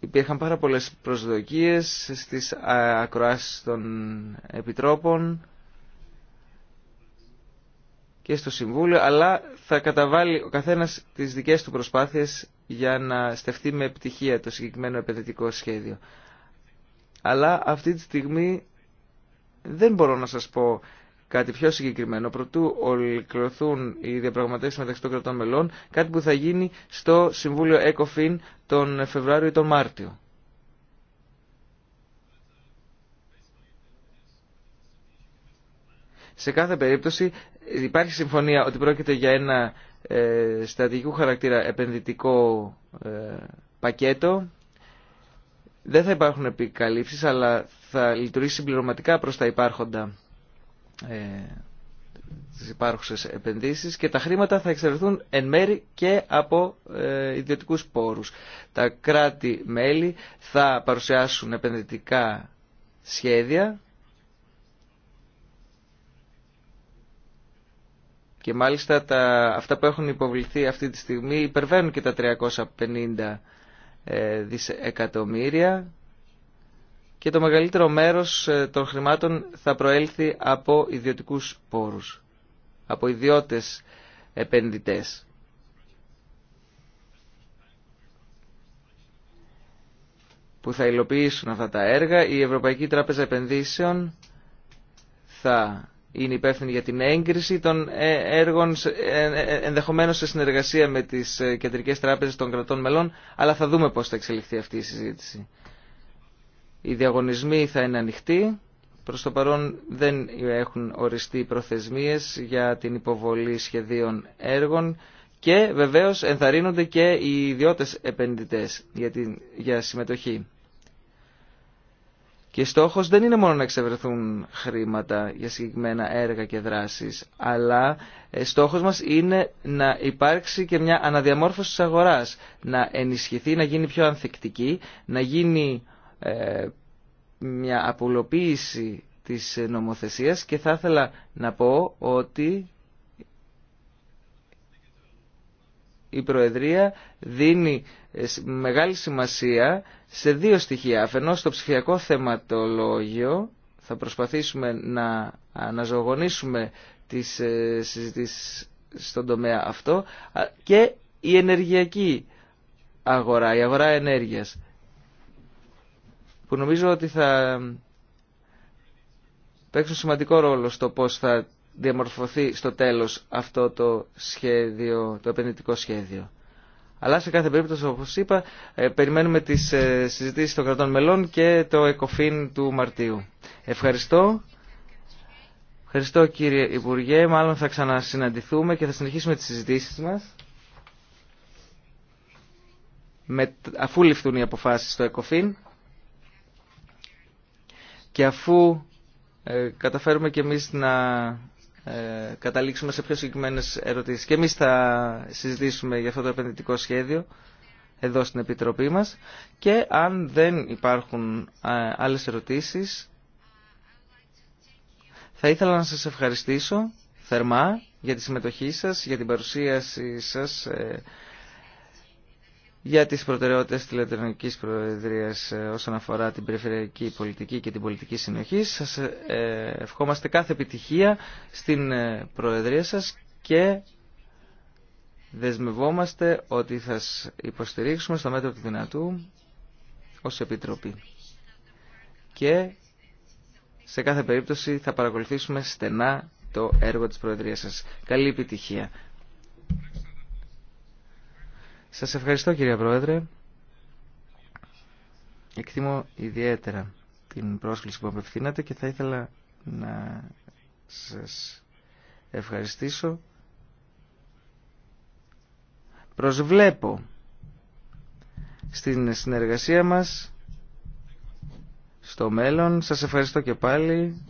Υπήρχαν πάρα πολλές προσδοκίες στις ακροάσεις των Επιτρόπων και στο Συμβούλιο, αλλά θα καταβάλει ο καθένας τις δικές του προσπάθειες για να στεφτεί με επιτυχία το συγκεκριμένο επενδυτικό σχέδιο. Αλλά αυτή τη στιγμή δεν μπορώ να σας πω κάτι πιο συγκεκριμένο. Προτού ολοκληρωθούν οι διαπραγματεύσεις μεταξύ των κρατών μελών, κάτι που θα γίνει στο Συμβούλιο ΕΚΟΦΗΝ τον Φεβράριο ή τον Μάρτιο. Σε κάθε περίπτωση υπάρχει συμφωνία ότι πρόκειται για ένα ε, στατικού χαρακτήρα επενδυτικό ε, πακέτο δεν θα υπάρχουν επικαλύψεις αλλά θα λειτουργήσει συμπληρωματικά προς τα υπάρχοντα ε, τις υπάρχουσες επενδύσεις και τα χρήματα θα εξαιρεθούν εν μέρη και από ε, ιδιωτικούς πόρους. Τα κράτη-μέλη θα παρουσιάσουν επενδυτικά σχέδια και μάλιστα τα, αυτά που έχουν υποβληθεί αυτή τη στιγμή υπερβαίνουν και τα 350 ε, δισεκατομμύρια και το μεγαλύτερο μέρος ε, των χρημάτων θα προέλθει από ιδιωτικούς πόρους, από ιδιώτες επενδυτές. που θα υλοποιήσουν αυτά τα έργα. Η Ευρωπαϊκή Τράπεζα Επενδύσεων θα είναι υπεύθυνη για την έγκριση των ε, έργων ε, ε, ενδεχομένως σε συνεργασία με τις κεντρικές τράπεζες των κρατών μελών αλλά θα δούμε πώς θα εξελιχθεί αυτή η συζήτηση. Οι διαγωνισμοί θα είναι ανοιχτοί. Προς το παρόν δεν έχουν οριστεί προθεσμίες για την υποβολή σχεδίων έργων και βεβαίως ενθαρρύνονται και οι ιδιώτες επενδυτές για συμμετοχή. Και στόχος δεν είναι μόνο να εξευρεθούν χρήματα για συγκεκριμένα έργα και δράσεις, αλλά ε, στόχος μας είναι να υπάρξει και μια αναδιαμόρφωση της αγοράς, να ενισχυθεί, να γίνει πιο ανθεκτική, να γίνει ε, μια απολοποίηση της νομοθεσίας και θα ήθελα να πω ότι η Προεδρία δίνει ε, μεγάλη σημασία σε δύο στοιχεία. Αφενός στο ψηφιακό θεματολόγιο θα προσπαθήσουμε να αναζωογονήσουμε τις ε, συζητήσεις στον τομέα αυτό και η ενεργειακή αγορά, η αγορά ενέργειας που νομίζω ότι θα παίξουν σημαντικό ρόλο στο πώς θα διαμορφωθεί στο τέλος αυτό το σχέδιο, το επενδυτικό σχέδιο. Αλλά σε κάθε περίπτωση, όπω είπα, ε, περιμένουμε τις ε, συζητήσεις των κρατών μελών και το ΕΚΟΦΗΝ του Μαρτίου. Ευχαριστώ. Ευχαριστώ κύριε Υπουργέ. Μάλλον θα ξανασυναντηθούμε και θα συνεχίσουμε τις συζητήσεις μας. Με, αφού ληφθούν οι αποφάσεις στο ΕΚΟΦΗΝ και αφού ε, καταφέρουμε και εμείς να ε, καταλήξουμε σε πιο συγκεκριμένες ερωτήσεις. Και εμείς θα συζητήσουμε για αυτό το επενδυτικό σχέδιο εδώ στην Επιτροπή μας και αν δεν υπάρχουν ε, άλλες ερωτήσεις θα ήθελα να σας ευχαριστήσω θερμά για τη συμμετοχή σας, για την παρουσίαση σας ε, για τις προτεραιότητες της Λετρονικής Προεδρίας ε, όσον αφορά την περιφερειακή πολιτική και την πολιτική συνοχή. Σας ε, ε, ευχόμαστε κάθε επιτυχία στην Προεδρία σας και δεσμευόμαστε ότι θα υποστηρίξουμε στο μέτρο του δυνατού ως Επιτροπή. Και σε κάθε περίπτωση θα παρακολουθήσουμε στενά το έργο της Προεδρίας σας. Καλή επιτυχία. Σας ευχαριστώ κύριε Πρόεδρε. Εκτιμώ ιδιαίτερα την πρόσκληση που απευθύνατε και θα ήθελα να σας ευχαριστήσω. Προσβλέπω στην συνεργασία μας στο μέλλον. Σας ευχαριστώ και πάλι,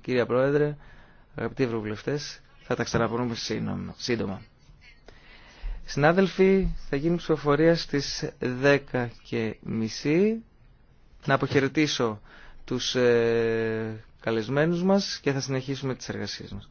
κύριε Πρόεδρε, αγαπητοί ευρωβουλευτές. Θα τα ξαναπονούμε σύντομα. Συνάδελφοι, θα γίνει ψηφοφορία στις 10 και Να αποχαιρετήσω τους ε, καλεσμένους μας και θα συνεχίσουμε τις εργασίες μας.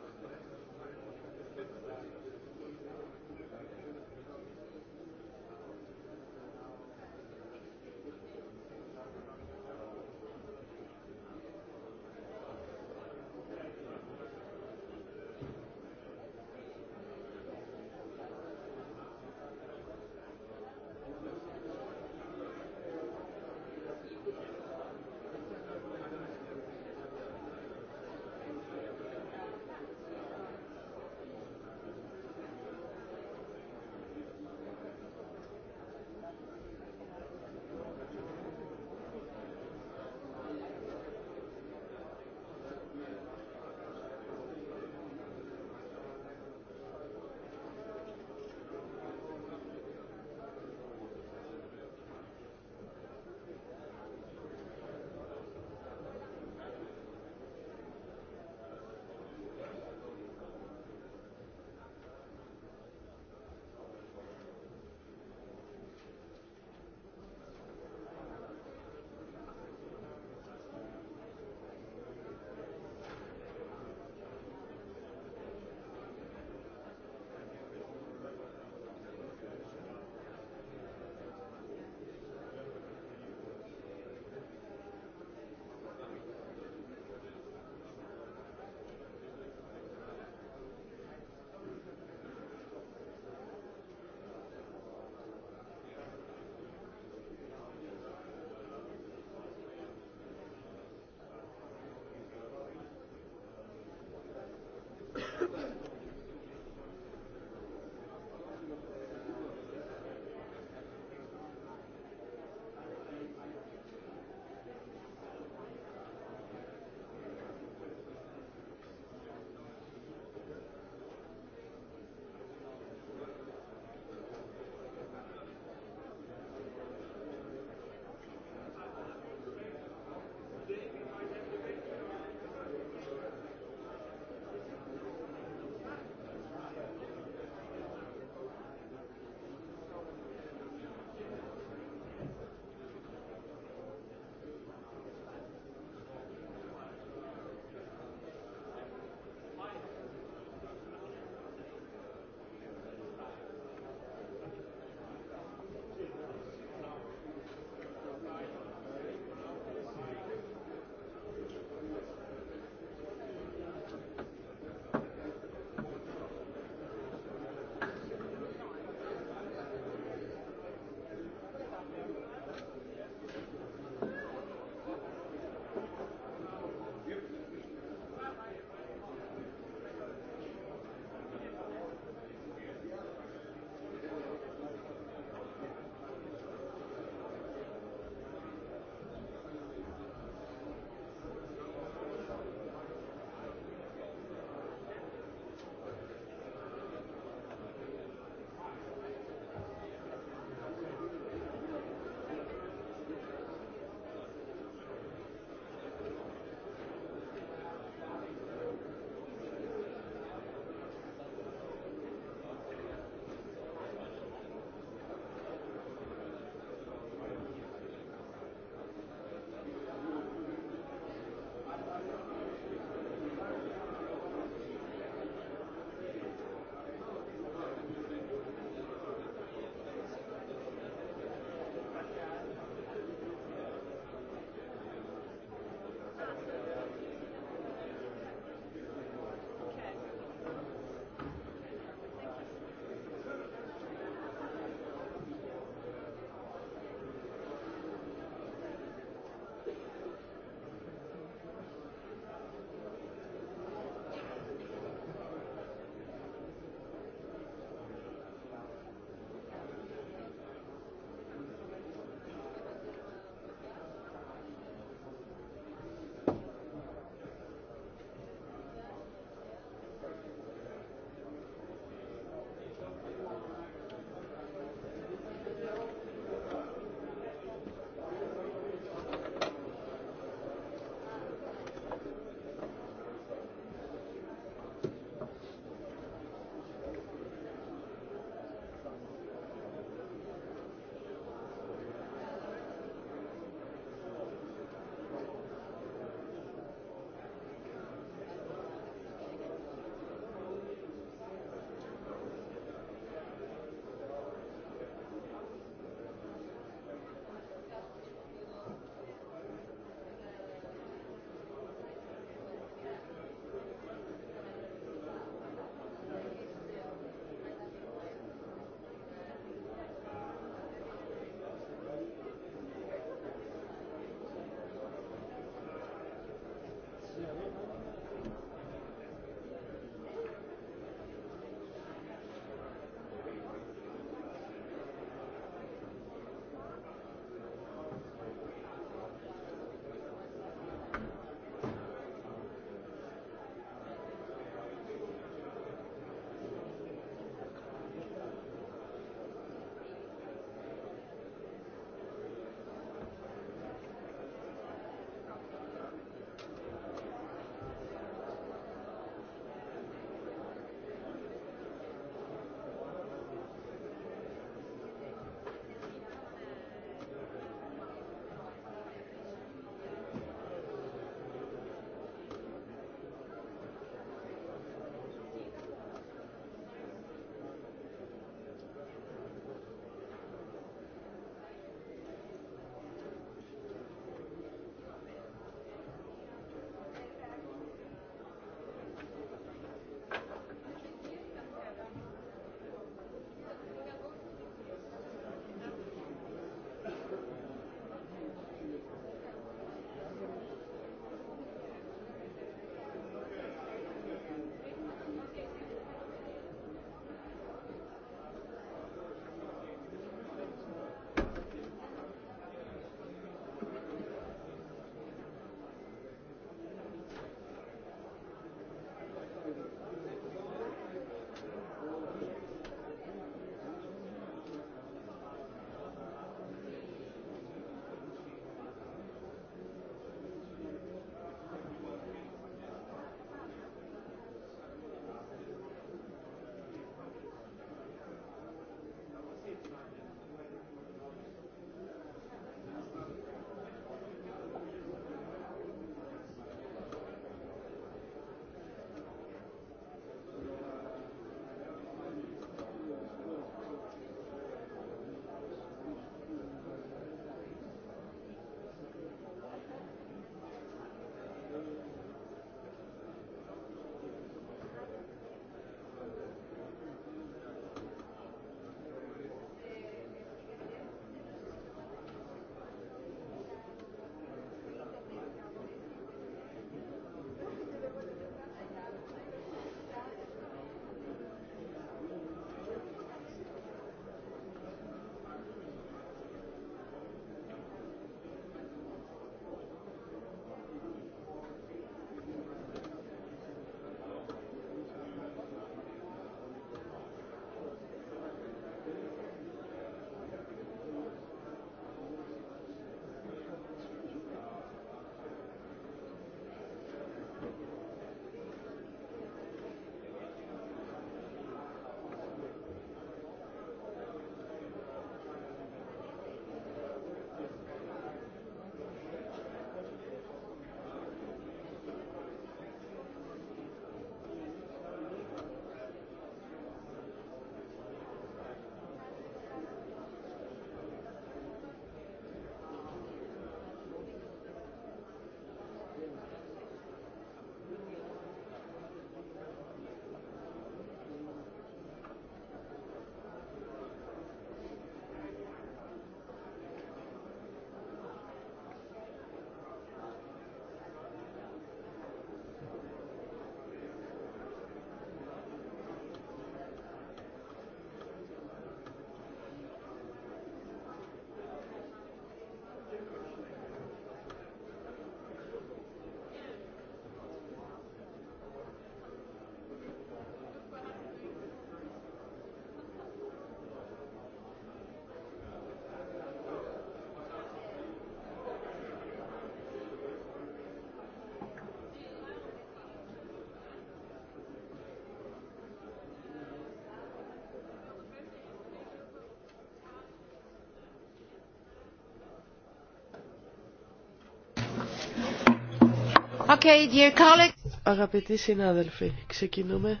Okay, dear colleagues. Αγαπητοί συνάδελφοι, ξεκινούμε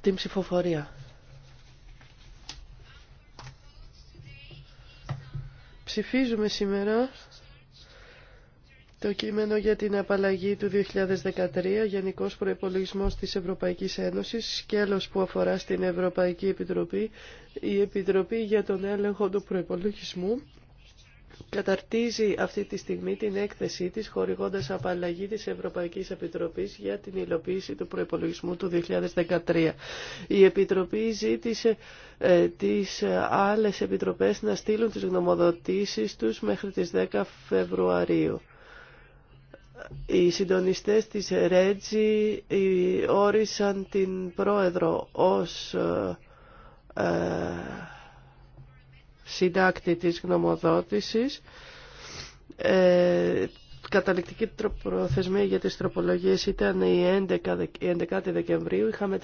την ψηφοφορία. Ψηφίζουμε σήμερα το κείμενο για την απαλλαγή του 2013, Γενικός Προϋπολογισμός της Ευρωπαϊκής Ένωσης, σκέλος που αφορά στην Ευρωπαϊκή Επιτροπή, η Επιτροπή για τον Έλεγχο του Προϋπολογισμού, καταρτίζει αυτή τη στιγμή την έκθεσή της χορηγώντας απαλλαγή της Ευρωπαϊκής Επιτροπής για την υλοποίηση του προϋπολογισμού του 2013. Η Επιτροπή ζήτησε ε, τις ε, άλλες επιτροπές να στείλουν τις γνωμοδοτήσεις τους μέχρι τις 10 Φεβρουαρίου. Οι συντονιστές της Ρέτζη ε, όρισαν την πρόεδρο ως... Ε, συντάκτη της γνωμοδότησης. Ε, καταληκτική προθεσμία για τις τροπολογίες ήταν η 11, η Δεκεμβρίου. Είχαμε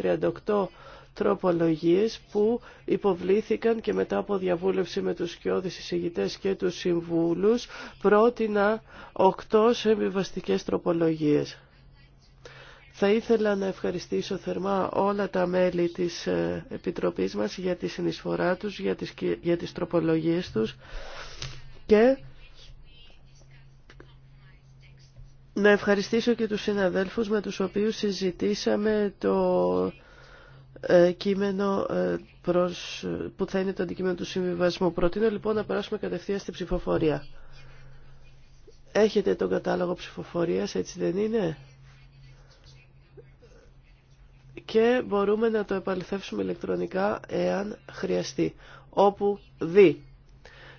38 τροπολογίες που υποβλήθηκαν και μετά από διαβούλευση με τους σκιώδεις εισηγητές και τους συμβούλους πρότεινα 8 συμβιβαστικές τροπολογίες. Θα ήθελα να ευχαριστήσω θερμά όλα τα μέλη της ε, Επιτροπής μας για τη συνεισφορά τους, για τις, για τις τροπολογίες τους και να ευχαριστήσω και τους συναδέλφους με τους οποίους συζητήσαμε το ε, κείμενο ε, προς, που θα είναι το αντικείμενο του συμβιβασμού. Προτείνω λοιπόν να περάσουμε κατευθείαν στη ψηφοφορία. Έχετε τον κατάλογο ψηφοφορίας, έτσι δεν είναι? και μπορούμε να το επαληθεύσουμε ηλεκτρονικά εάν χρειαστεί, όπου δει.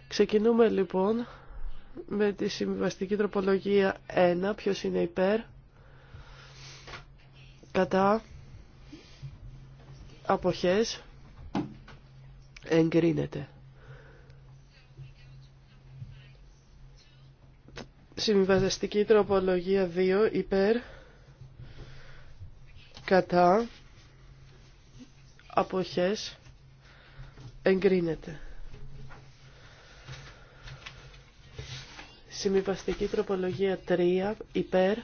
Ξεκινούμε λοιπόν με τη συμβιβαστική τροπολογία 1, ποιος είναι υπέρ, κατά, αποχές, εγκρίνεται. Συμβιβαστική τροπολογία 2, υπέρ, κατά, αποχές εγκρίνεται. Συμβιβαστική τροπολογία 3 υπέρ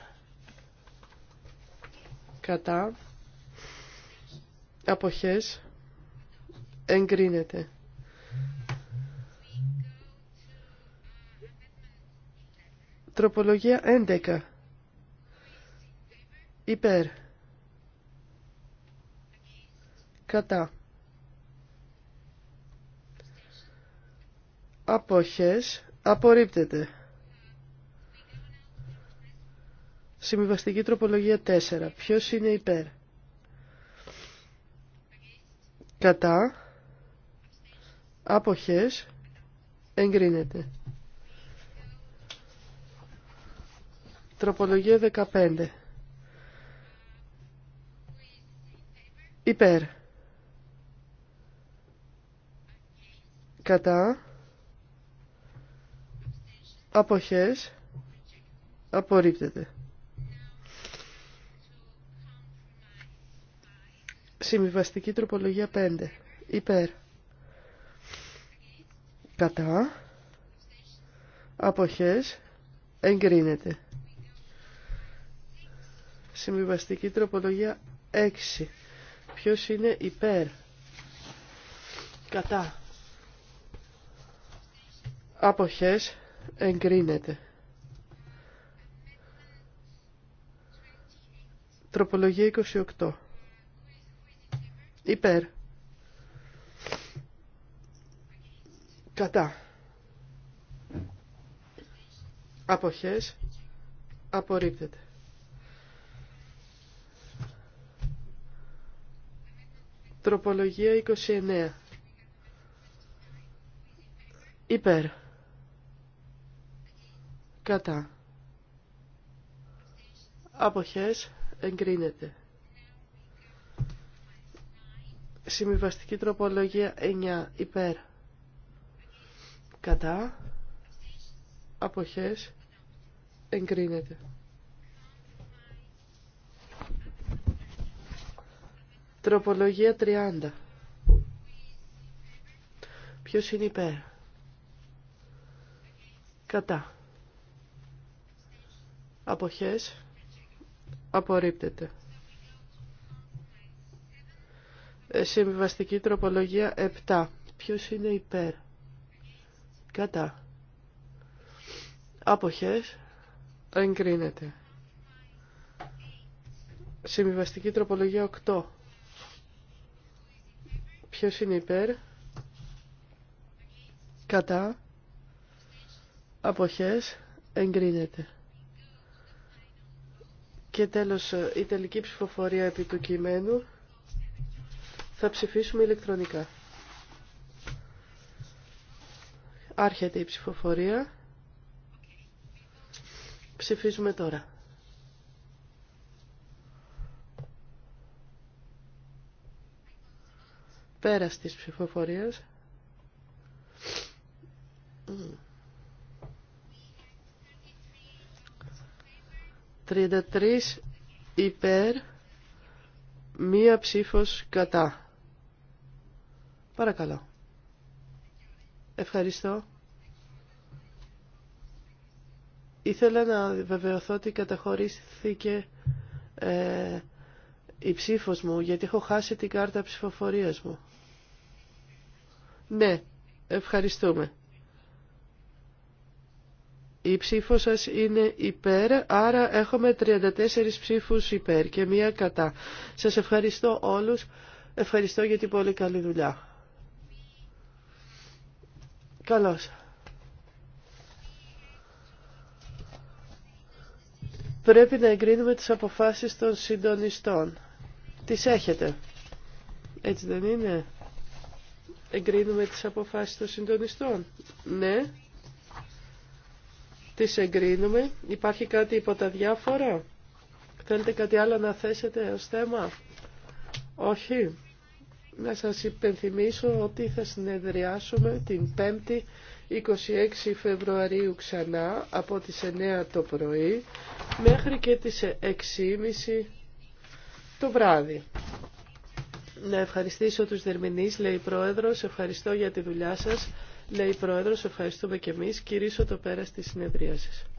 κατά αποχές εγκρίνεται. Τροπολογία 11 υπέρ κατά αποχές απορρίπτεται. Συμβιβαστική τροπολογία 4. Ποιος είναι υπέρ. Κατά. Άποχες. Εγκρίνεται. Τροπολογία 15. Υπέρ. κατά αποχές απορρίπτεται. Συμβιβαστική τροπολογία 5. Υπέρ. Κατά. Αποχές. Εγκρίνεται. Συμβιβαστική τροπολογία 6. Ποιος είναι υπέρ. Κατά. Αποχές εγκρίνεται. Τροπολογία 28. Υπέρ. Κατά. Αποχές απορρίπτεται. Τροπολογία 29. Υπέρ κατά αποχές εγκρίνεται συμβιβαστική τροπολογία 9 υπέρ κατά αποχές εγκρίνεται τροπολογία 30 ποιος είναι υπέρ κατά αποχές απορρίπτεται. Ε, συμβιβαστική τροπολογία 7. Ποιος είναι υπέρ. Κατά. Αποχές εγκρίνεται. Συμβιβαστική τροπολογία 8. Ποιος είναι υπέρ. Κατά. Αποχές εγκρίνεται. Και τέλος, ε, η τελική ψηφοφορία επί του κειμένου θα ψηφίσουμε ηλεκτρονικά. Άρχεται η ψηφοφορία. Ψηφίζουμε τώρα. Πέρας της ψηφοφορίας. 33 υπέρ, μία ψήφος κατά. Παρακαλώ. Ευχαριστώ. Ήθελα να βεβαιωθώ ότι καταχωρήθηκε ε, η ψήφος μου, γιατί έχω χάσει την κάρτα ψηφοφορίας μου. Ναι, ευχαριστούμε. Η ψήφο σας είναι υπέρ, άρα έχουμε 34 ψήφους υπέρ και μία κατά. Σας ευχαριστώ όλους. Ευχαριστώ για την πολύ καλή δουλειά. Καλώς. Πρέπει να εγκρίνουμε τις αποφάσεις των συντονιστών. Τις έχετε. Έτσι δεν είναι. Εγκρίνουμε τις αποφάσεις των συντονιστών. Ναι τι εγκρίνουμε. Υπάρχει κάτι υπό τα διάφορα. Θέλετε κάτι άλλο να θέσετε ως θέμα. Όχι. Να σας υπενθυμίσω ότι θα συνεδριάσουμε την 5η 26 Φεβρουαρίου ξανά από τις 9 το πρωί μέχρι και τις 6.30 το βράδυ. Να ευχαριστήσω τους δερμηνείς, λέει η Πρόεδρος. Ευχαριστώ για τη δουλειά σας. Λέει Πρόεδρος, ευχαριστούμε και εμείς. Κυρίσω το πέρα στη συνεδρία σας.